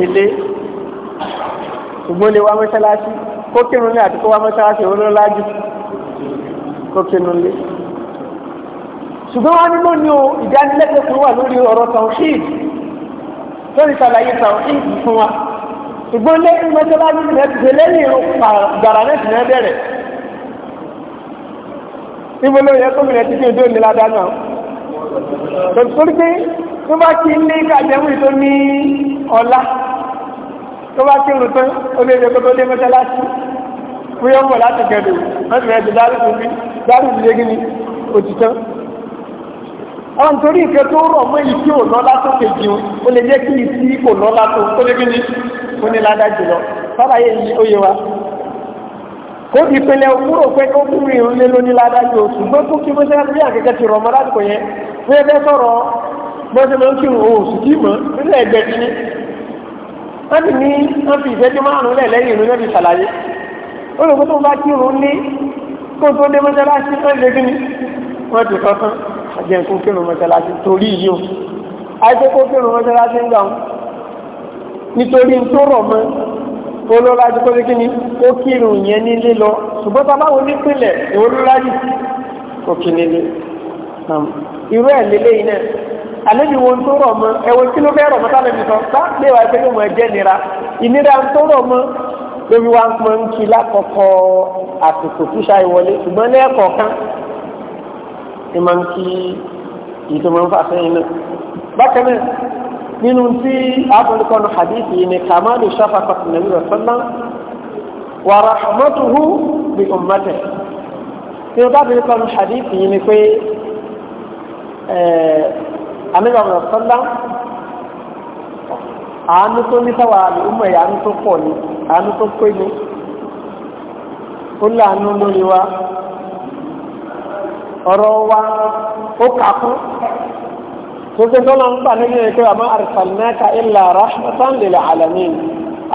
ilé ṣùgbọ́n lè wá mọ́ṣáláṣí kó kírun lé àti kó wá mọ́ṣáláṣí òun ló lájú kó kírun lé. ṣùgbọ́n wọn nínú ni o ìdánilẹ́kọ̀ọ́ kan wà lórí ọ̀rọ̀ tawhid lórí ṣàlàyé tawhid fún wa ṣùgbọ́n lẹ́yìn mọ́ṣáláṣí rẹ̀ ti lẹ́yìn gbàrà náà ti náà bẹ̀rẹ̀. ibo ló yẹ gómìnà títí ojú òní ládàá náà torí pé tó bá ti ní kájẹ́wì tó bá kí rùtán ó lè jẹ́kọ́ tó lé mọ́ṣáláṣí fúyọ́ ń bọ̀ láti gẹ̀dù láti rẹ̀ jù dárùkù bí dárùkù lé gíní òtítán ọ̀n torí ìkẹ́ tó rọ̀ mọ́ èyí tí ò lọ́lá tó kejì ó lè jẹ́ kí ìsí kò lọ́lá tó tó lé gíní ó ní ládá jùlọ sábàáyé yìí ó yé wa kó di pẹ̀lẹ́ òkúrò pé kó kú mi ń lé lóní ládá jù ó ṣùgbọ́n tó kí mọ́ṣáláṣí àkẹ́kẹ́ ti rọ̀ mọ́ lásìkò yẹn fún ẹgbẹ́ sọ̀rọ̀ bọ́sẹ̀ máa ń kírun oṣù kí mọ́ wọ́n ti ní wọ́n fi ìṣẹ́jú márùn-ún lẹ̀ lẹ́yìn ìrún lẹ́bi ṣàlàyé ó lè kó tó bá kírun ní kó tó dé mọ́ṣáláṣí wọ́n lè gbìn wọ́n ti kankan àjẹ́ kó kírun mọ́ṣáláṣí torí yìí o àìsí kó kírun mọ́ṣáláṣí ń gbà wọn nítorí tó rọ̀ mọ́ olólájú kó lé kíni ó kírun yẹn nílé lọ ṣùgbọ́n tá a bá wo nípìnlẹ̀ olólájú kò kí nílé irú ẹ̀ lélẹ́yìn náà àlébi wọn tó rọ̀ mọ́ ẹ̀wọ̀n kí ló fẹ́ rọ̀ mọ́ sálẹ̀ mi sọ bá lè wá pé yóò mọ̀ ẹ̀jẹ̀ nira ìnira tó rọ̀ mọ́ lórí wa ń pọn kí lákọ̀ọ́kọ́ àsìkò kíṣà ìwọlé ṣùgbọ́n lẹ́ẹ̀kọ̀ọ̀kan ni máa ń kí ìtò máa ń fà sẹ́yìn náà. bákan náà nínú tí àbọ̀lùkọ́nù hadithi ni kamalu shafaqati nabi sallam wa rahmatuhu bi ummati nínú tábìlì kọ́nù hadithi ni pé àmìlà ọ̀rọ̀ sọ́lá àánú tó ní sáwà àlùmọ̀ ẹ̀ àánú tó pọ̀ ni àánú tó pé ni ó láàánú lórí wa ọ̀rọ̀ wa ó kà fún gbogbo tọ́lá ń gbà nínú ẹ̀kọ́ àmọ́ arsalnaka illa rahmatan lil alamin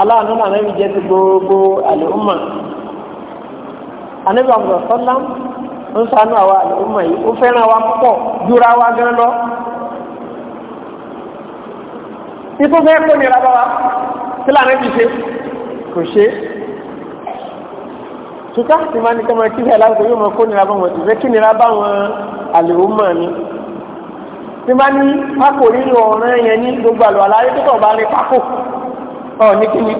aláàánú náà jẹ́ ti gbogbo àlùmọ̀ àníbàmọ̀ sọ́lá ń ṣàánú àwa àlùmọ̀ yìí ó fẹ́ràn wa púpọ̀ jùra wa gan lọ ipò fẹ́ kó nira bá wa kí lànà ti ṣe kò ṣe tuta ti máa ní kí wọn kí hẹ láti yóò máa kó nira bá wọn ti fẹ́ kí nira bá wọn àlèwò mọ̀ ni tí bá ní pákó nínú ọ̀ràn yẹn ní gbogbo àlọ́ àlàyé tó tọ̀ bá ní pákó ọ̀ ní kíni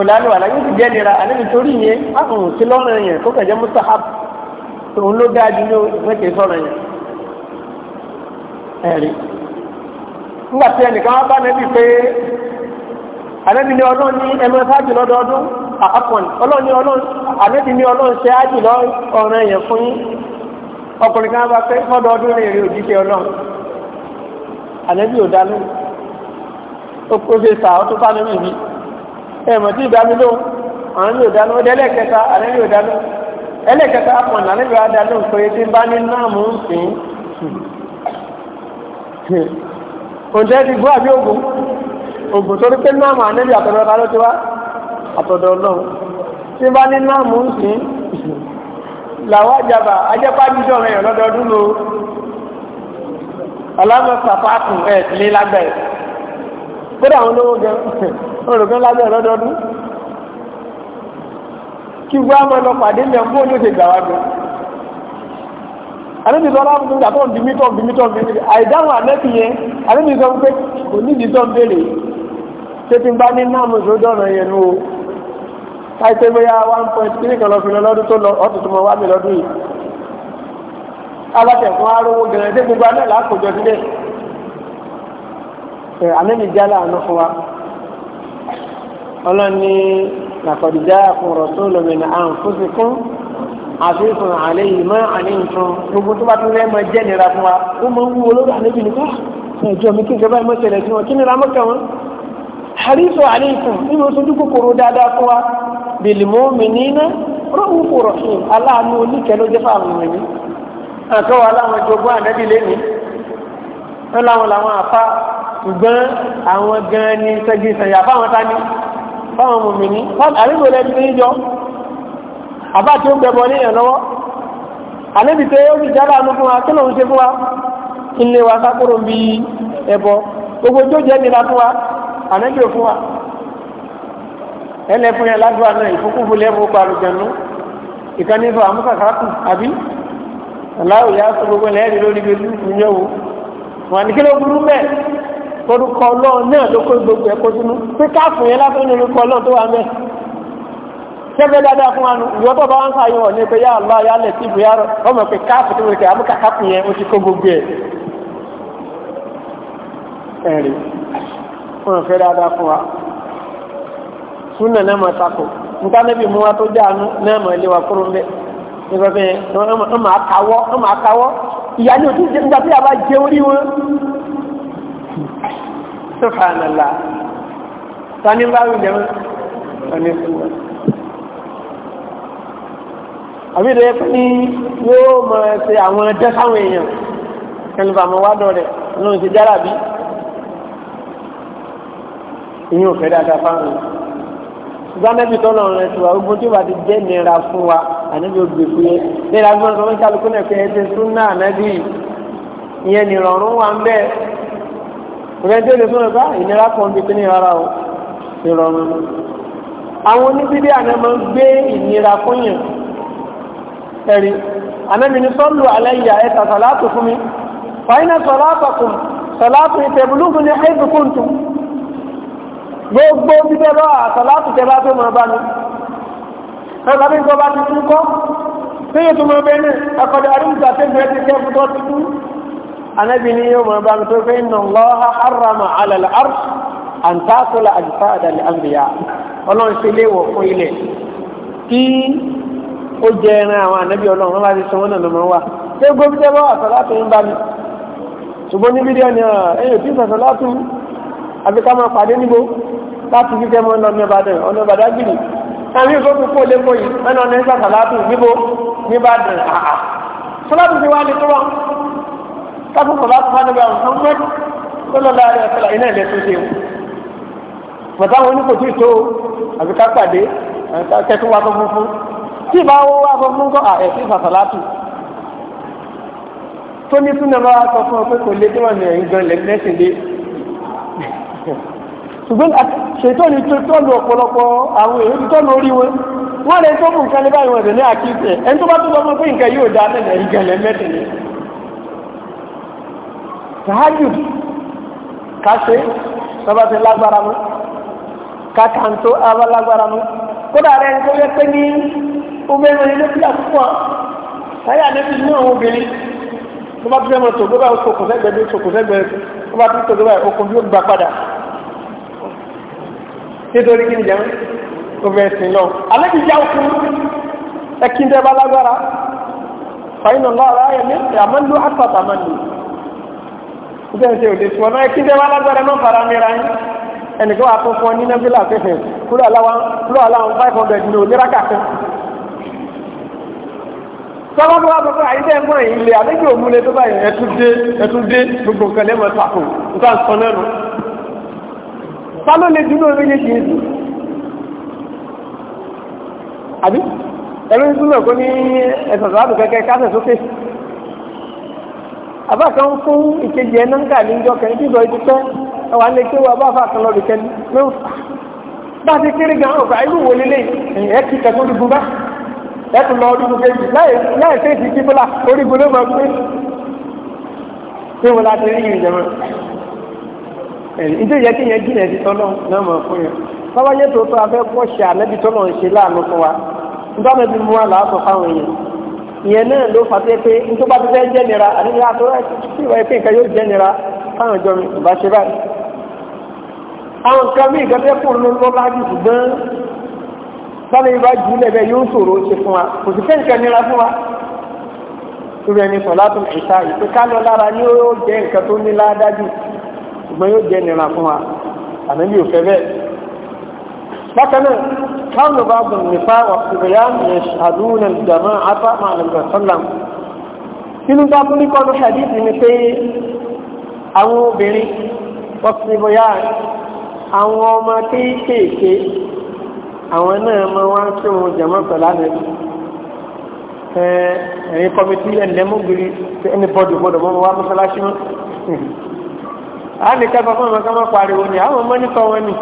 ọ̀làlọ́ àlàyé ti jẹ́ nira àlejò torí yẹn àwọn òsì lọ́rùn yẹn kó kẹ̀jẹ́ mustahab tòun ló dáa jù ní ìfẹ́ kìí sọ̀rọ̀ yẹn ẹ̀rí. nígbà tí ẹnìkan wá bá nẹ́bí pé ni ọlọ́run ní ẹmọ sáájì lọ́dọọdún àkọ́kùnrin ah, ọlọ́run ní ọlọ́run ni ọlọ́run ṣe lọ ọ̀ràn ẹ̀yẹ̀ fún yín ọkùnrin kan bá pé lọ́dọọdún lè rí òjíṣẹ́ ọlọ́run ànẹ́bí ò dá lóhùn ó ṣe sà ó bá ẹ̀mọ̀ tí ìdá mi lóhùn ò dá oúnjẹ ti gbọ́ àbí ògùn ògùn torí pé náàmù ànẹ́bí àtọ̀dọ̀ ta ló ti wá àtọ̀dọ̀ ọlọ́run tí bá ní náàmù ń sìn làwọn àjàbà ajẹ́pá jíjọ rẹ̀ yàn lọ́dọọdún lo ọ̀làmọ̀ sàfáàkù ẹ̀ lé lágbẹ̀ẹ́ kódà àwọn olówó gan olùgbọ́n lágbẹ̀ẹ́ lọ́dọọdún kí gbọ́ àmọ́ lọ pàdé mẹ́fún ó ló àníbi sọ́lá fún mi àtọ́ di mítọ̀ di mítọ̀ di mítọ̀ àìdáhùn àmẹ́kì yẹn àníbi sọ pé kò níbi sọ béèrè ṣé ti bá ní náà mọ̀ṣọ́ dọ̀nà yẹn nu o láìpẹ́ bóyá one point three kan lọ fi lọ lọ́dún tó lọ ọ̀tún tó mọ wá mi lọ́dún yìí alákẹ̀kọ́ arówó gẹ̀rẹ́ dé gbogbo alẹ́ làákòjọ sílẹ̀ ẹ̀ àmẹ́mi jálá àná fún wa ọlọ́ni làkọ̀dìjà fún rọ̀ tó lọ́mìnà à àfihàn àlẹ́yìn mọ́ àlẹ́yìn kan gbogbo tó bá tún rẹ́ máa jẹ́ nira fún wa ó máa ń wú olóògbé àlejò nìkan ẹjọ́ mi kí ìjọba ìmọ̀ ìṣẹ̀lẹ̀ sí wọn kí nira mọ́kàn wọn. àríṣọ àlẹ́yìn nínú oṣooṣù kòkòrò dáadáa fún wa bìlìmọ́ mi níná rọ́ọ̀mù kò rọ̀ fún aláàánú oníkẹ́ ló jẹ́ fáwọn mi. àkọ́wọ́ aláwọn jogún ànábì lẹ́nu wọn láwọn làwọn àfa ṣùgbọ́n àwọn gan-an ni sẹ́gi sẹ̀yà fáwọn tani fáwọn mòmìnir àbá tí ó gbẹ̀bọ̀ ní ìyàn lọ́wọ́ àlébi tẹ ó ti jábà ní fún wa kí lòun ṣe fún wa ilé wa sákòrò ń bi ẹbọ gbogbo tó jẹ́ nira fún wa àlébi ò fún wa ẹlẹ́fún yẹn ládùúgbà náà ìfúkúfu lẹ́fún parùjẹ̀nu ìkànnì sọ àmúkàkàkù àbí aláwò yá sọ gbogbo ẹlẹ́rì lórí ibi ìyẹn o wọn ni kí ló burú bẹ́ẹ̀ orúkọ ọlọ́run náà ló kó gbogbo ẹ̀kọ́ sínú pé káàfù yẹn lásán sẹ́fẹ́ dáadáa fún wa nù ìwọ́n tó bá wá ń sá yọ̀ ní pé yá àlọ́ yá lẹ̀ sí ìbúyá rọ̀ ọmọ pé káàpù tó wọlé àmú kàkà kù yẹn ó ti kó gbogbo ẹ̀. ẹ̀rí wọn fẹ́ dáadáa fún wa súnà náà mọ̀ takò nǹkan níbi mú wa tó já àánú náà mọ̀ ilé wa kúrò ń bẹ́ nípa pé ọmọ àkàwọ́ ọmọ àkàwọ́ ìyá ni òtún nígbà tí a bá jẹ orí wọn. sọ́fà nàlá sani bá wù jẹun sani fún wa àbí ìdọ̀yẹ pé ní yóò mọ̀ ṣe àwọn ẹjẹ́ sáwọn èèyàn kẹlùbà mọ̀ wádọ̀ rẹ̀ lóun ti jára bí ìyẹn ò fẹ́ dáadáa fáwọn gbanabi tọ́lọ̀ rẹ̀ tó wa ogun tí wàá ti jẹ́ nira fún wa ànábi ògbè fún yẹ nira gbọ́n tó ń kálukú náà pé ẹsẹ̀ súnà ànábi ìyẹn nìrọ̀rùn wa ń bẹ́ẹ̀ ah, ìrẹ́jọ́ àwọn oníbíbí àná máa ń gbé ìnira fún yàn ẹ̀rí anábì ní sọ́lù aláìyá ẹ̀ta sàlátù fún mi fàínà sọ̀látàkùn sọ̀látù ìtẹ̀bùlùkùn ní ẹ̀dùkùntù gbogbo bíbẹ́ bá sọ̀látù tẹ́ bá tó máa bá mi ẹ̀rọ bí nǹkan bá ti tún kọ́ tí yóò tún máa bẹ́ẹ̀ ní ẹ̀kọ́dà àríwùsà tó bẹ́ẹ̀ ọlọ́run ṣe léwọ̀ fún ilẹ̀ kí ó jẹ ẹran àwọn ànábì ọlọ́run wọn bá ti sanwó náà ló máa ń wà ṣé gómìnà bá wà sọlá tó ń bá mi ṣùgbọ́n ní fídíò ni ah, ẹ̀yìn tí sọ̀sọ̀ látú àti ká máa pàdé níbo láti kíkẹ́ mọ́ ọ̀nà ìbàdàn ọ̀nà ìbàdàn gbìlì ẹ̀rí ìgbókùn kó lé mọ́ yìí ẹ̀nà ọ̀nà ìsọ̀sọ̀ látú níbo níbàdàn àà sọ́látù ti wá ní tó wọ́n kápù kọ̀ láti fún ẹgbẹ́ ọ̀sán mọ́ tó lọ láàrin ọ̀sẹ̀ iná ilẹ̀ tó ṣe bàtà wọn ní kò tí ì tó àbí ká pàdé kẹ́kọ̀ọ́ wa tó funfun tí ìbá wọ́n wá fún kọ́ àẹ̀sí fàṣàlátù tó ní túnú bá wá fún ọ pé kò lé tí wọ́n ní gan lẹ́sìn lé ṣùgbọ́n ṣètò ní tó ọ̀pọ̀lọpọ̀ àwọn èèyàn tó nke orí wọn wọ́n lè tó fún nǹkan ní báyìí ní àkíyèsí ẹni tó bá tó pé obìnrin ẹni lẹ́bí àkókò táyà lẹ́bí inú àwọn obìnrin tó bá tún fẹ́ mọ̀ tògbó báyìí okùn sẹ́gbẹ̀ẹ́ bí okùn sẹ́gbẹ̀ẹ́ tó bá tún tògbó báyìí okùn bí ó gbà padà nítorí kí ni jẹun obìnrin sìn lọ alẹ́ ti já okùn ẹkí tẹ́ bá lágbára fàyín náà lọ́ọ̀rọ̀ ayẹ̀ ní àmọ́lú àpàtà máa lò ìjẹ́ ìṣe òde sùn ọ̀nà ẹkí tẹ́ bá lágbára náà fara mìíra yín ẹnìkan wà tó fún ọ ní nábìlà fẹ́fẹ́ kúrò aláwọn five hundred ní oníraka kan tọ́lọ́dún wa sọ pé àyíká ẹ̀gbọ́n yìí lé àlejò òmùlé tó báyìí ẹtú dé ẹtú dé gbogbo nǹkan lẹ́mọ̀ ẹ̀tàkùn nǹkan sọ lẹ́nu. sálọ́ lè dúró méjì kì í sùn. àbí ẹ̀rọ ìdúró kò ní ẹ̀sọ̀ sáàdù kẹ̀kẹ́ kásẹ̀ sókè. àbá kan fún ìkejì ẹ̀ náà ń kà ní ìjọ kẹ́ni tí ìbọn ìdúpẹ́ ẹwà ń lè ké wa bá fà kan lọ́ọ̀dù kẹ́ni. bá a ti kéré gan-an ọ̀gbà ẹ̀tún lọ orígun kejì láì sí ìsìn kíbúlà orígun ló máa gbé tí wọn láti rí ìjọba ìdí ìyẹn tí yẹn jìnà sí tọ́lọ́ náà mọ̀ fún yẹn bábá yẹ tó tó afẹ́ pọ̀ ṣe àlẹ́bí tọ́lọ́ ń ṣe láàánú fún wa nígbà mẹ́bí mú wa làásọ fáwọn ìyẹn náà ló fà pé pé bá ti fẹ́ jẹ́ nira sí ìwà ìpín báwo bá jù lẹ́bẹ̀ yóò ṣòro ṣe fún wa kò sì fẹ́ǹkẹ́ nira fún wa lórí ẹni sọ látún ìta ìpè kánú lára ni yóò jẹ́ nǹkan tó ní ládájú ṣùgbọ́n yóò jẹ́ nira fún wa àmì mi ò fẹ́ bẹ́ẹ̀. bákan náà káwọn bá gùn nípa ọ̀sùnìyà yashhaduna al-jama'ata ma'a Nabiy sallam nínú dábú ní kọ́nù hadith ni pé àwọn obìnrin ọ̀sùnìyà àwọn ọmọ kéékèèké àwọn náà máa wá ń kírun jẹ̀mọ́ pẹ̀lú àlẹ́bí ẹ̀yin kọ́mítì ẹ̀lẹ́mọ́gbìrì ẹni bọ́dù gbọ́dọ̀ mọ́ wá mọ́sálásí mọ́ àánì kẹfà fún ọmọkà máa pariwo ni àwọn ọmọ nípa wọn ni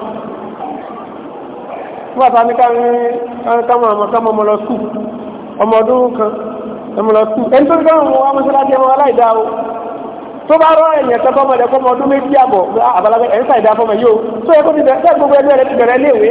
wọ́n àtàwọn káwọn ọmọkà mọ́ lọ sùn ọmọ ọdún kan ọmọ lọ sùn ẹni tó ń gbọ́n wọn wá mọ́sálásí ẹmọ aláìdá o tó bá rọ ẹ̀yìn ẹ̀kọ́ fọmọ ẹ̀kọ́ ọmọ ọdún méjì àbọ̀ àbálágbé ẹ̀ ń sàìdá fọmọ yìí o tó yẹ kó ti bẹ̀rẹ̀ gbogbo ẹgbẹ́ rẹ ti bẹ̀rẹ̀ léèwé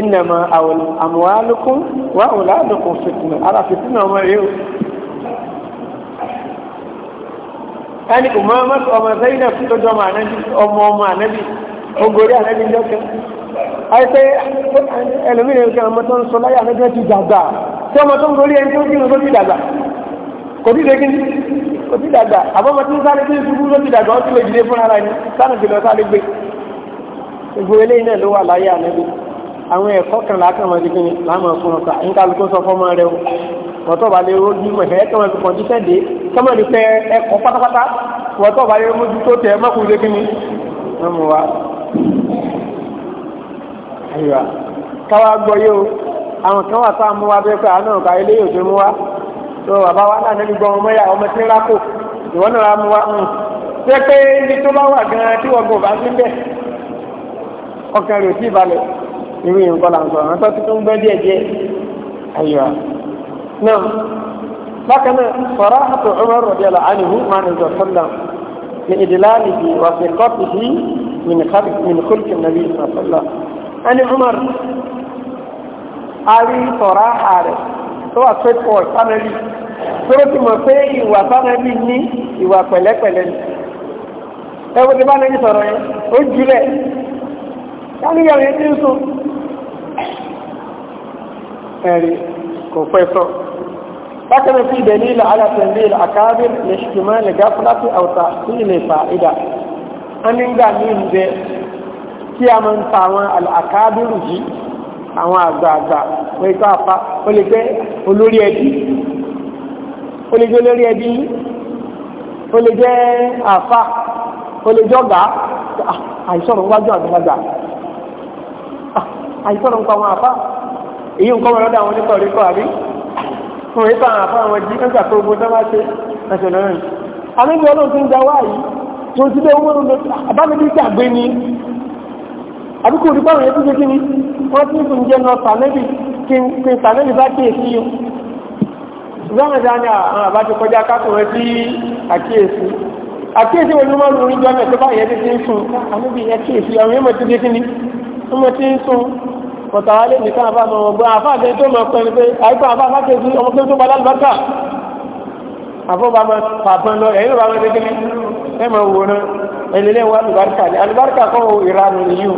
ìnàmà àwọn àmúhálùkún wà òlàdùkún fìtìnà ara fìtìnà ọmọ rẹ o. ẹni umama ọmọ zainab tó jọ ọmọ ọmọ ànábì ogori ànábì jọkẹ àìsẹ ẹlòmínà ìrìnkẹ ọmọ tó ń sọ láyé ànábì ti dàgbà tí ọmọ tó ń gorí ẹni tó ń kírun tó ti dàgbà kò tí dé kíni kò tí dàgbà àbọ̀mọ tí ń sáré tí ń ṣubú tó ti dàgbà ó ti lè dìde fún ara ẹni sánà ti lọ sáré gbé ìgbòho eléyìí náà ló wà láyé ànábì àwọn ẹ̀kọ́ kan láàkàn wọn jẹ́kẹ́ láàmà fún ọkà ìkàlùkọ́ sọ fọ́mọ rẹ̀ wọ́tọ̀ bá lè rójú mẹ̀fẹ́ ẹ̀kọ́ wọn fi kàn jíṣẹ́ dé kọ́mọ̀ lè fẹ́ ẹ̀kọ́ pátápátá wọ́tọ̀ bá lè rójú tó tẹ̀ mọ́kùn jẹ́kẹ́ ni wọ́n mú wa. àyíwá káwá gbọ́ yé o àwọn kan wà sáà mú wa bẹ́ẹ̀ pé àánú ọ̀gá ilé yóò ti mú wa tó bàbá wa náà nẹ́ni gbọ́ ọmọ yà ọmọ tí ń rákò ìwọ náà mú wa pé hmm. pé ibi tó bá wà gan-an tí wọ́n gbọ̀ bá ń bẹ̀ ọkàn rẹ̀ ò tí ì irú yẹn kọ́ là ń sọ àwọn tó ti tó ń gbẹ́ díẹ̀ díẹ̀ ayọ̀ náà bákan náà sọ̀rọ̀ àti Umar radiyallahu anhu máa ń zọ sọ́lá ní ìdílálì bí wà fi kọ́pì sí min kúlkì nàbí sọ́lá ẹni Umar a rí sọ̀rọ̀ ààrẹ tó wà pé pọ̀ sánẹ́lì tó ti mọ̀ pé ìwà sánẹ́lì ní ìwà pẹ̀lẹ́pẹ̀lẹ́ ni ẹwọ́n ti bá nàbí sọ̀rọ̀ yẹn ó jùlẹ̀ káníyàwó yẹn ti ń sùn ẹ̀rí kò pẹ́ sọ bákan fi dalil ala tanzil akabir lè ṣùgbọ́n lè gáfúrátì àwùtà sí ilẹ̀ fàáìdà a ní gbà ní ìbẹ̀ kí a máa ń ta àwọn àkábírù yìí àwọn àgbààgbà wọ́n ikọ́ apá ó lè jẹ́ olórí ẹbí ó lè jẹ́ olórí ẹbí ó lè jẹ́ àfà ó lè jẹ́ ọ̀gá ah, àìsọ̀rọ̀ wájú àgbàlagbà àìsọ̀rọ̀ nǹkan àwọn àfa èyí nǹkan wọn lọ́dọ̀ àwọn onítọ̀rí kọ́ àbí wọn yípa àwọn àfa àwọn jí nígbà tó gbogbo sábà ṣe ẹsẹ̀ lọ́rùn àníbi ọlọ́run tó ń da wá yìí tó ti dé owó lọ àbámẹ́bí gbàgbé ni àbí kò rí báwọn yẹn tó ṣe kí ni wọ́n ti ń fún jẹ́ lọ sàmẹ́bì kí n sàmẹ́bì bá kíyèsí yìí ìgbàmọ̀ sí àwọn àbájọ kọjá kákùnrin sí àkíyèsí àkíyèsí wọn ni wọ́n lórí jọ́mẹ̀ tó bá yẹn ti ń sùn àníbi àkíyèsí àwọn yẹn mọ̀ ti dé kí ni wọ́n mọ̀ ti ń sùn kọ̀tà alẹ́ nìkan àbá mọ̀ ọgbọ́n àfáàgbẹ́ tó mọ̀ pẹ́ni pé àìkọ́ àbá fákèjì ọmọ pé tó balá lùbákà àfọ́bà máa pàpọn lọ ẹ̀yìn bá máa dé kíní ẹ máa wò ná ẹlẹ́lẹ́ wa lùbáríkà ni alùbáríkà kọ́ ìranù nìyí o.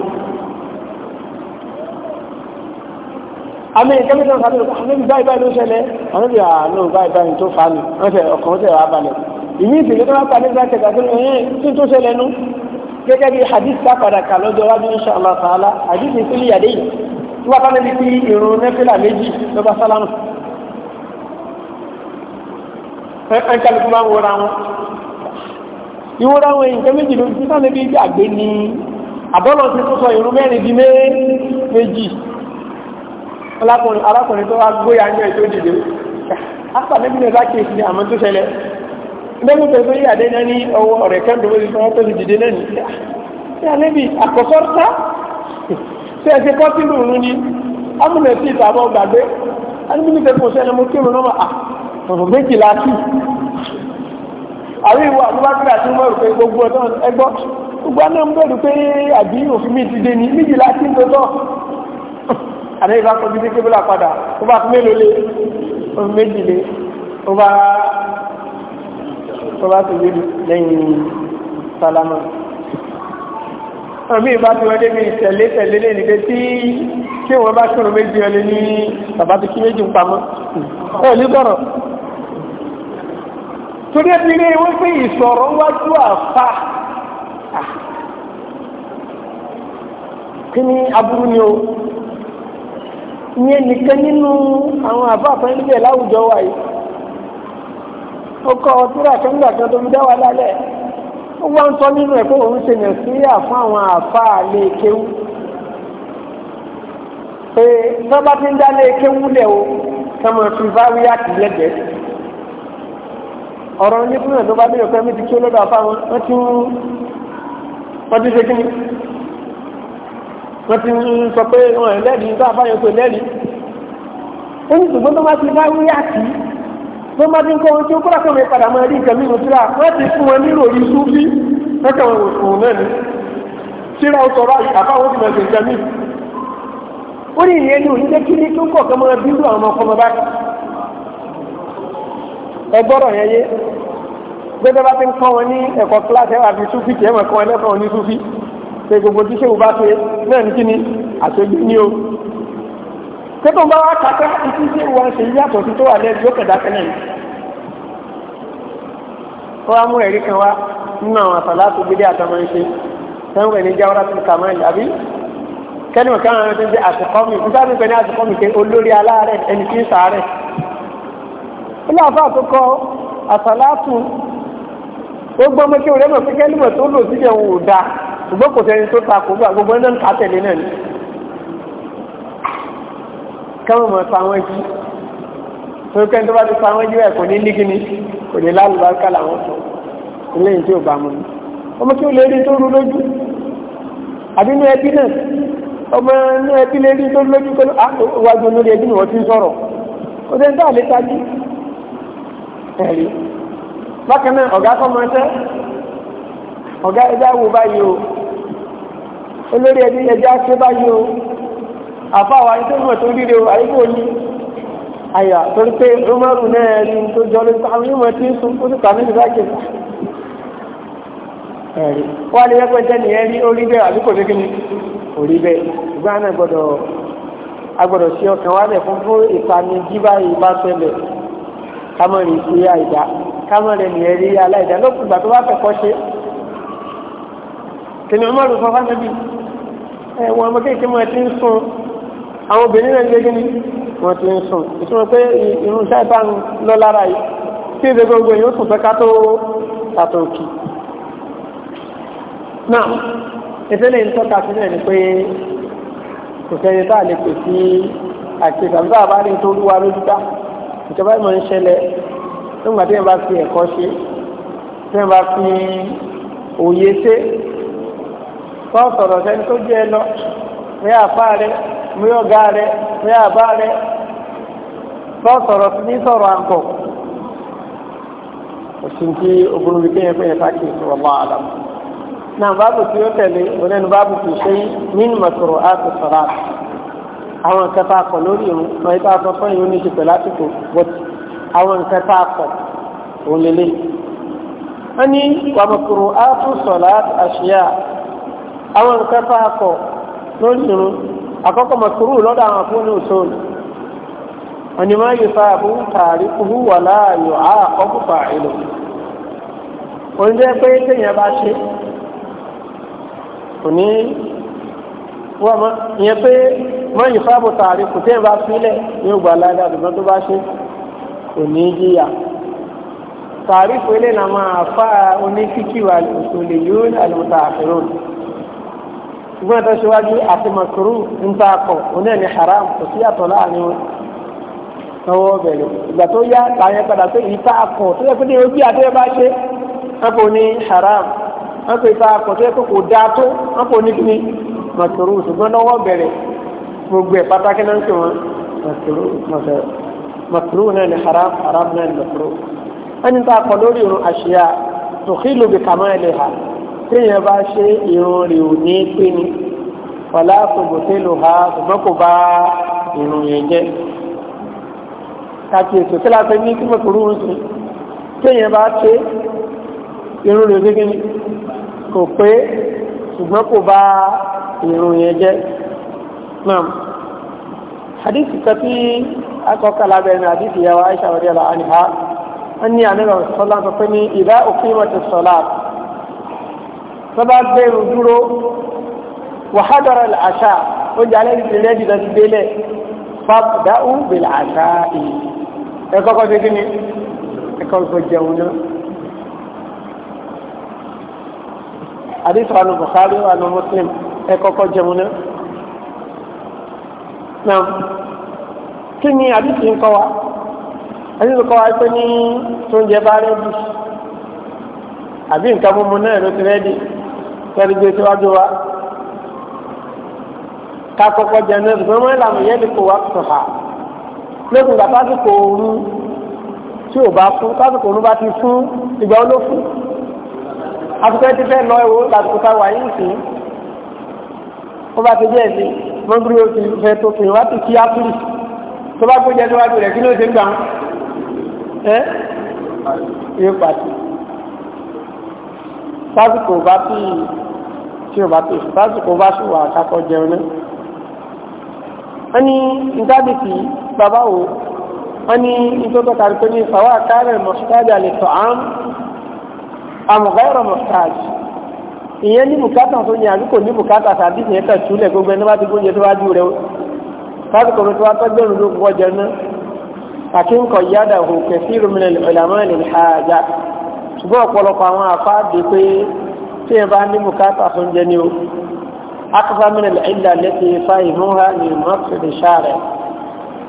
àmì ìkẹ́mi náà sábẹ́ lọ́kọ́ àmì báyìí báyìí ló ṣẹlẹ̀ àmì bí àánú báyìí báyìí tó fà mí wọ́n tẹ ọkàn wọ́n tẹ wọ́n bá níbi tí ìrún nẹ́fílà méjì ló bá sálámù ẹnkálukú máa ń wọra wọn ìwọra wọn èyí méjì ló ti sáà níbi àgbé ni àbọ́lọ̀ ti tó sọ ìrún mẹ́rin di méjì arákùnrin tó wá gbóyà ní ẹ̀ tó dìde ápá níbi náà láti èsì àmọ́ tó ṣẹlẹ̀ lẹ́gbẹ̀ẹ́ pẹ̀lú yíyà dé náà ní ọwọ́ rẹ̀ kẹ́ndùn ó ti sọ wọ́n tó ti dìde náà nìyà tí ẹ ṣe kọ́ sínú òun ni amúnẹ̀ sí ìtàbọ̀ gbàgbé alúmíníkẹ́ kò sẹ́ni mo kírun náà à tọ̀tọ̀ méjìlá sí àwọn ìwọ àbúbákírí àti mọ́ rò pé gbogbo ọ̀tọ́ ẹgbọ́ gbogbo aná ń bẹ̀rù pé àbí òfin mi ti dé ní méjìlá sí tọ́tọ́ àná ìbá kọ́ sí kébìlà padà ó bá fún mélòó lé òfin méjìlé ó bá bá ti lé lẹ́yìn sálámà àmì ìbá tí wọ́n débi ìtẹ̀lé tẹ̀lé lè nìkan tí tí wọ́n bá sọ̀rọ̀ méjì ọlẹ́ ní bàbá tó kí méjì ń pamọ́ ẹ̀ ní ní wọ́n ni o ìyẹn nìkan nínú àwọn àbá afọ láwùjọ wa ó kọ́ kẹ́ńdà kan tó fi dá wa ó wá ń sọ nínú ẹ̀ pé òun ṣe nàìjíríà fún àwọn àfáà lè kéwú pé tó bá ti ń dá lé kéwú lẹ̀ o kí wọ́n fi báwíyá tì lẹ́gbẹ̀ẹ́ ọ̀rọ̀ ní fún ẹ̀ tó bá dé ọ̀pẹ́ mi ti kí olódò àfáwọn wọ́n ti ń wọ́n ti ṣe kí ni wọ́n ti ń sọ pé wọ́n ẹ̀ lẹ́rìí tó àfáyọ̀ pé lẹ́rìí ó ní ṣùgbọ́n tó bá ti báwíyá tì í wọ́n bá ti ń kọ́ wọn tí ó kọ́lá kọ́mọ ìpadà máa rí nǹkan mímu síra wọ́n ti fún wọn nírò orí súnfí lọ́kàn wọn òṣùwọ̀n náà ni síra ó sọ̀rọ̀ àbáwọn ti máa ṣe nǹkan mímu. ó ní ìyẹn ní òní kí ní tó ń kọ̀ọ̀kan máa bí irú àwọn ọkọ̀ bàbá kan. ẹ gbọ́dọ̀ yẹn yé gbẹ́dẹ́ bá ti ń kọ́ wọn ní ẹ̀kọ́ kíláàsì àti súnfí kì í mọ̀ kọ́ wọn lẹ́kọ̀ọ́ ní súnfí ṣé tó bá wá kàkà títí tí wọ́n ṣe yàtọ̀ sí tó wà lẹ́bi ó kẹ̀dá kẹ́lẹ̀ yìí ó wá mú ẹ̀rí kan wá nínú àwọn àtàlátò gbédé àtàwọn ẹ̀ṣẹ́ sẹ́wọ̀n pẹ̀lú jáwọ́rá tó kà máa yàbí kẹ́ni ọ̀ká àwọn ẹ̀ṣẹ́ ṣe àtìkọ́mì nígbà tó pẹ̀lú àtìkọ́mì pé olórí aláàárẹ̀ ẹni tí ń sàárẹ̀ ilé àfa tó kọ àtàlátò ó gbọ́ mọ́ kí òrẹ́ mọ̀ pé kẹ́lí káwọn mọ̀ pa wọ́n jí tókẹ́ tó bá ti pa wọ́n jí ẹ̀ kò ní ní kíni kò ní lálùbáríkà làwọn sọ eléyìí tí ò bá mu ni ọmọ tí ó lè rí tó rú lójú àbí ní ẹbí náà ọmọ ní ẹbí lè rí tó rú lójú pẹ̀lú àwájú ah, olórí ẹbí ni wọ́n ti ń sọ̀rọ̀ kò sẹ́ni tó àlè tají ẹ̀rí bákan náà ọ̀gá kọ́ máa tẹ́ ọ̀gá wo báyìí o olórí ẹbí ẹja ṣe báyìí o àfáwà ìtẹ́gbẹ̀ tó líle àyíkò ní àyà torí pé rúmọ́rù náà ní tó jọ lè sọ àwọn ìmọ̀ tí ń sun ó sì kà níbi láti sà ẹ̀rí wá lè yẹ́pẹ́ jẹ́ nìyẹn rí orí bẹ́ẹ̀ àbí kò ní kí ni orí bẹ́ẹ̀ ìgbà náà gbọ́dọ̀ agbọ́dọ̀ sí ọkàn wa lẹ̀ fún fún ìpani jíbá ìbá àìdá kámọ́ rẹ̀ nìyẹn aláìdá lókùn ìgbà tó bá fẹ́kọ́ ṣe kìnìún mọ́rù fọ́fá ẹ̀wọ̀n ọmọ kéèké mọ́ ẹ ń sun àwọn obìnrin náà lé gíní wọ́n ti ń sùn ìtumọ̀ pé irú iṣẹ́ ìta ń lọ lára yìí tí ìdè gbogbo yóò sùn pé kátó kátó kì náà ìtẹ́lẹ̀ ń tọ́ka sí náà ni pé kò sẹ́ni tá a lè pè sí àti ìtàbí àbá ní tó lúwa lójú dá ìjọba ìmọ̀ ń ṣẹlẹ̀ nígbà tí wọ́n bá fi ẹ̀kọ́ ṣe tí wọ́n bá fi òye ṣe tó sọ̀rọ̀ sẹ́ni tó jẹ́ lọ pé àfáà rẹ̀ mú ọ̀gá rẹ̀ mú àbá rẹ̀ sọ sọ̀rọ̀ ní sọ̀rọ̀ àǹkọ̀ òsìn tí obìnrin wípé yẹn fẹ́yẹ sáàkì sọ̀rọ̀ mọ́ àlàm náà báàbù tí ó tẹ̀lé onẹ́nu báàbù tí ṣe nínú min àti sọ̀rọ̀ àwọn nǹkan tá a kọ̀ lórí ìrún wọn yìí tá a sọ a kọ̀ òun lélẹ̀ wọ́n àkọ́kọ́ mọ̀kúrú lọ́dọ̀ àwọn fún òṣòl onímọ̀ yìí fa àbú tààrí kúrú wà láàyò àkọ́kọ́ fà ìlò oúnjẹ pé téèyàn bá ṣe kò ní wọ́n mọ́ ìyẹn pé mọ́ yìí fa àbú tààrí kò téèyàn bá sílẹ̀ yóò gbà láàyè àdùnnà tó bá ṣe kò ní jìyà tààrí fún ilé náà máa fa oníkíkí wà lóṣòlè yóò àlùmọ́tà àfẹ́rọ́nù ṣùgbọ́n tó ṣíwájú àti màkúrú ń ta akọ̀ oní ẹni haram kò sí àtọ̀ láàrin wọn lọ́wọ́ bẹ̀rẹ̀ ìgbà tó yá láyé padà pé ìta akọ̀ tó yẹ kó ní ojú àti ẹ bá ṣe wọn kò ní haram wọn kò ìta akọ̀ tó yẹ kó kò dáa tó wọn kò ní kíni màkúrú ṣùgbọ́n lọ́wọ́ bẹ̀rẹ̀ gbogbo ẹ̀ pátákì náà ń pè wọn màkúrú màkúrú náà ni haram haram náà ni màkúrú téèyàn bá ṣe irun rẹ̀ ò ní pé ni ọ̀la kò bò tẹ́ lò ha ṣùgbọ́n kò bá irun yẹn jẹ́ àti ètò tí láti ní tí mọ̀tò rúrú sí téèyàn bá ṣe irun rẹ̀ gẹ́gẹ́ ni kò pé ṣùgbọ́n kò bá irun yẹn jẹ́ náà hadithi kati akọkà lábẹ́ ní hadithi yàwó aisha wàdí àlá àníhá wọ́n ní àníbà sọ́lá sọ pé ní ìdá òkè mọ̀tò sọ́lá tọ́ba gbẹ̀rù dúró wàhádọ́rọ̀ làṣà oúnjẹ alẹ́ ti rẹ́dì lọ sí délẹ̀ fàbùdáhù bèlà àṣà yìí ẹ kọ́kọ́ ṣe kí ni ẹ kọ́kọ́ jẹun náà. àdìsọ àná Bukhari àná Muslim ẹ kọ́kọ́ jẹun náà. náà kí ni àdìsọ ń kọ́ wa àdìsọ kọ́ wa pé ní tó ń jẹ bá rẹ́dì àbí nǹkan mímu náà ló ti rẹ́dì sọ́ni gbé síwájú wa kakọkọ jẹnẹrù mọ́mọ́ ìlànà yẹn lè kó wa sọ̀ ha lókun gbà tásìkò ooru tí ò bá fún tásìkò ooru bá ti fún ìgbà olófin àsìkò ti fẹ́ lọ ẹ̀wọ̀ lásìkò tá a wà yín sí wọ́n bá ti bẹ́ẹ̀ sí mọ́gírí oṣù fẹ́ tó kìí wá ti kí ápùlì tó bá gbójẹ níwájú rẹ̀ kí ló ṣe ń gbà ń ẹ́ yóò pàtó bá ti tí o bá tó sásìkò bá sì wà kakọ jẹun náà wọ́n ní ntábìtì bàbá wo wọ́n ní nítorí kárí pé ní ìfàwọ́ àkárẹ̀ mọ̀ṣítáàjì àlè tọ̀ àm àmọ̀gáyọ̀rọ̀ mọ̀ṣítáàjì ìyẹn ní bùkátà tó ní àdúgbò ní bùkátà tàbí ìyẹn kẹ̀ túlẹ̀ gbogbo ẹni bá ti gbóúnjẹ tó bá dùn rẹ̀ sásìkò mi tó bá tọ́jú ẹ̀rù tí ẹ bá ní bùkátà fún jẹ ní o akọ́fà mi nílẹ̀ ìlà lẹ́tì ifá ìmúha ní mọ́tòdì sáàrẹ̀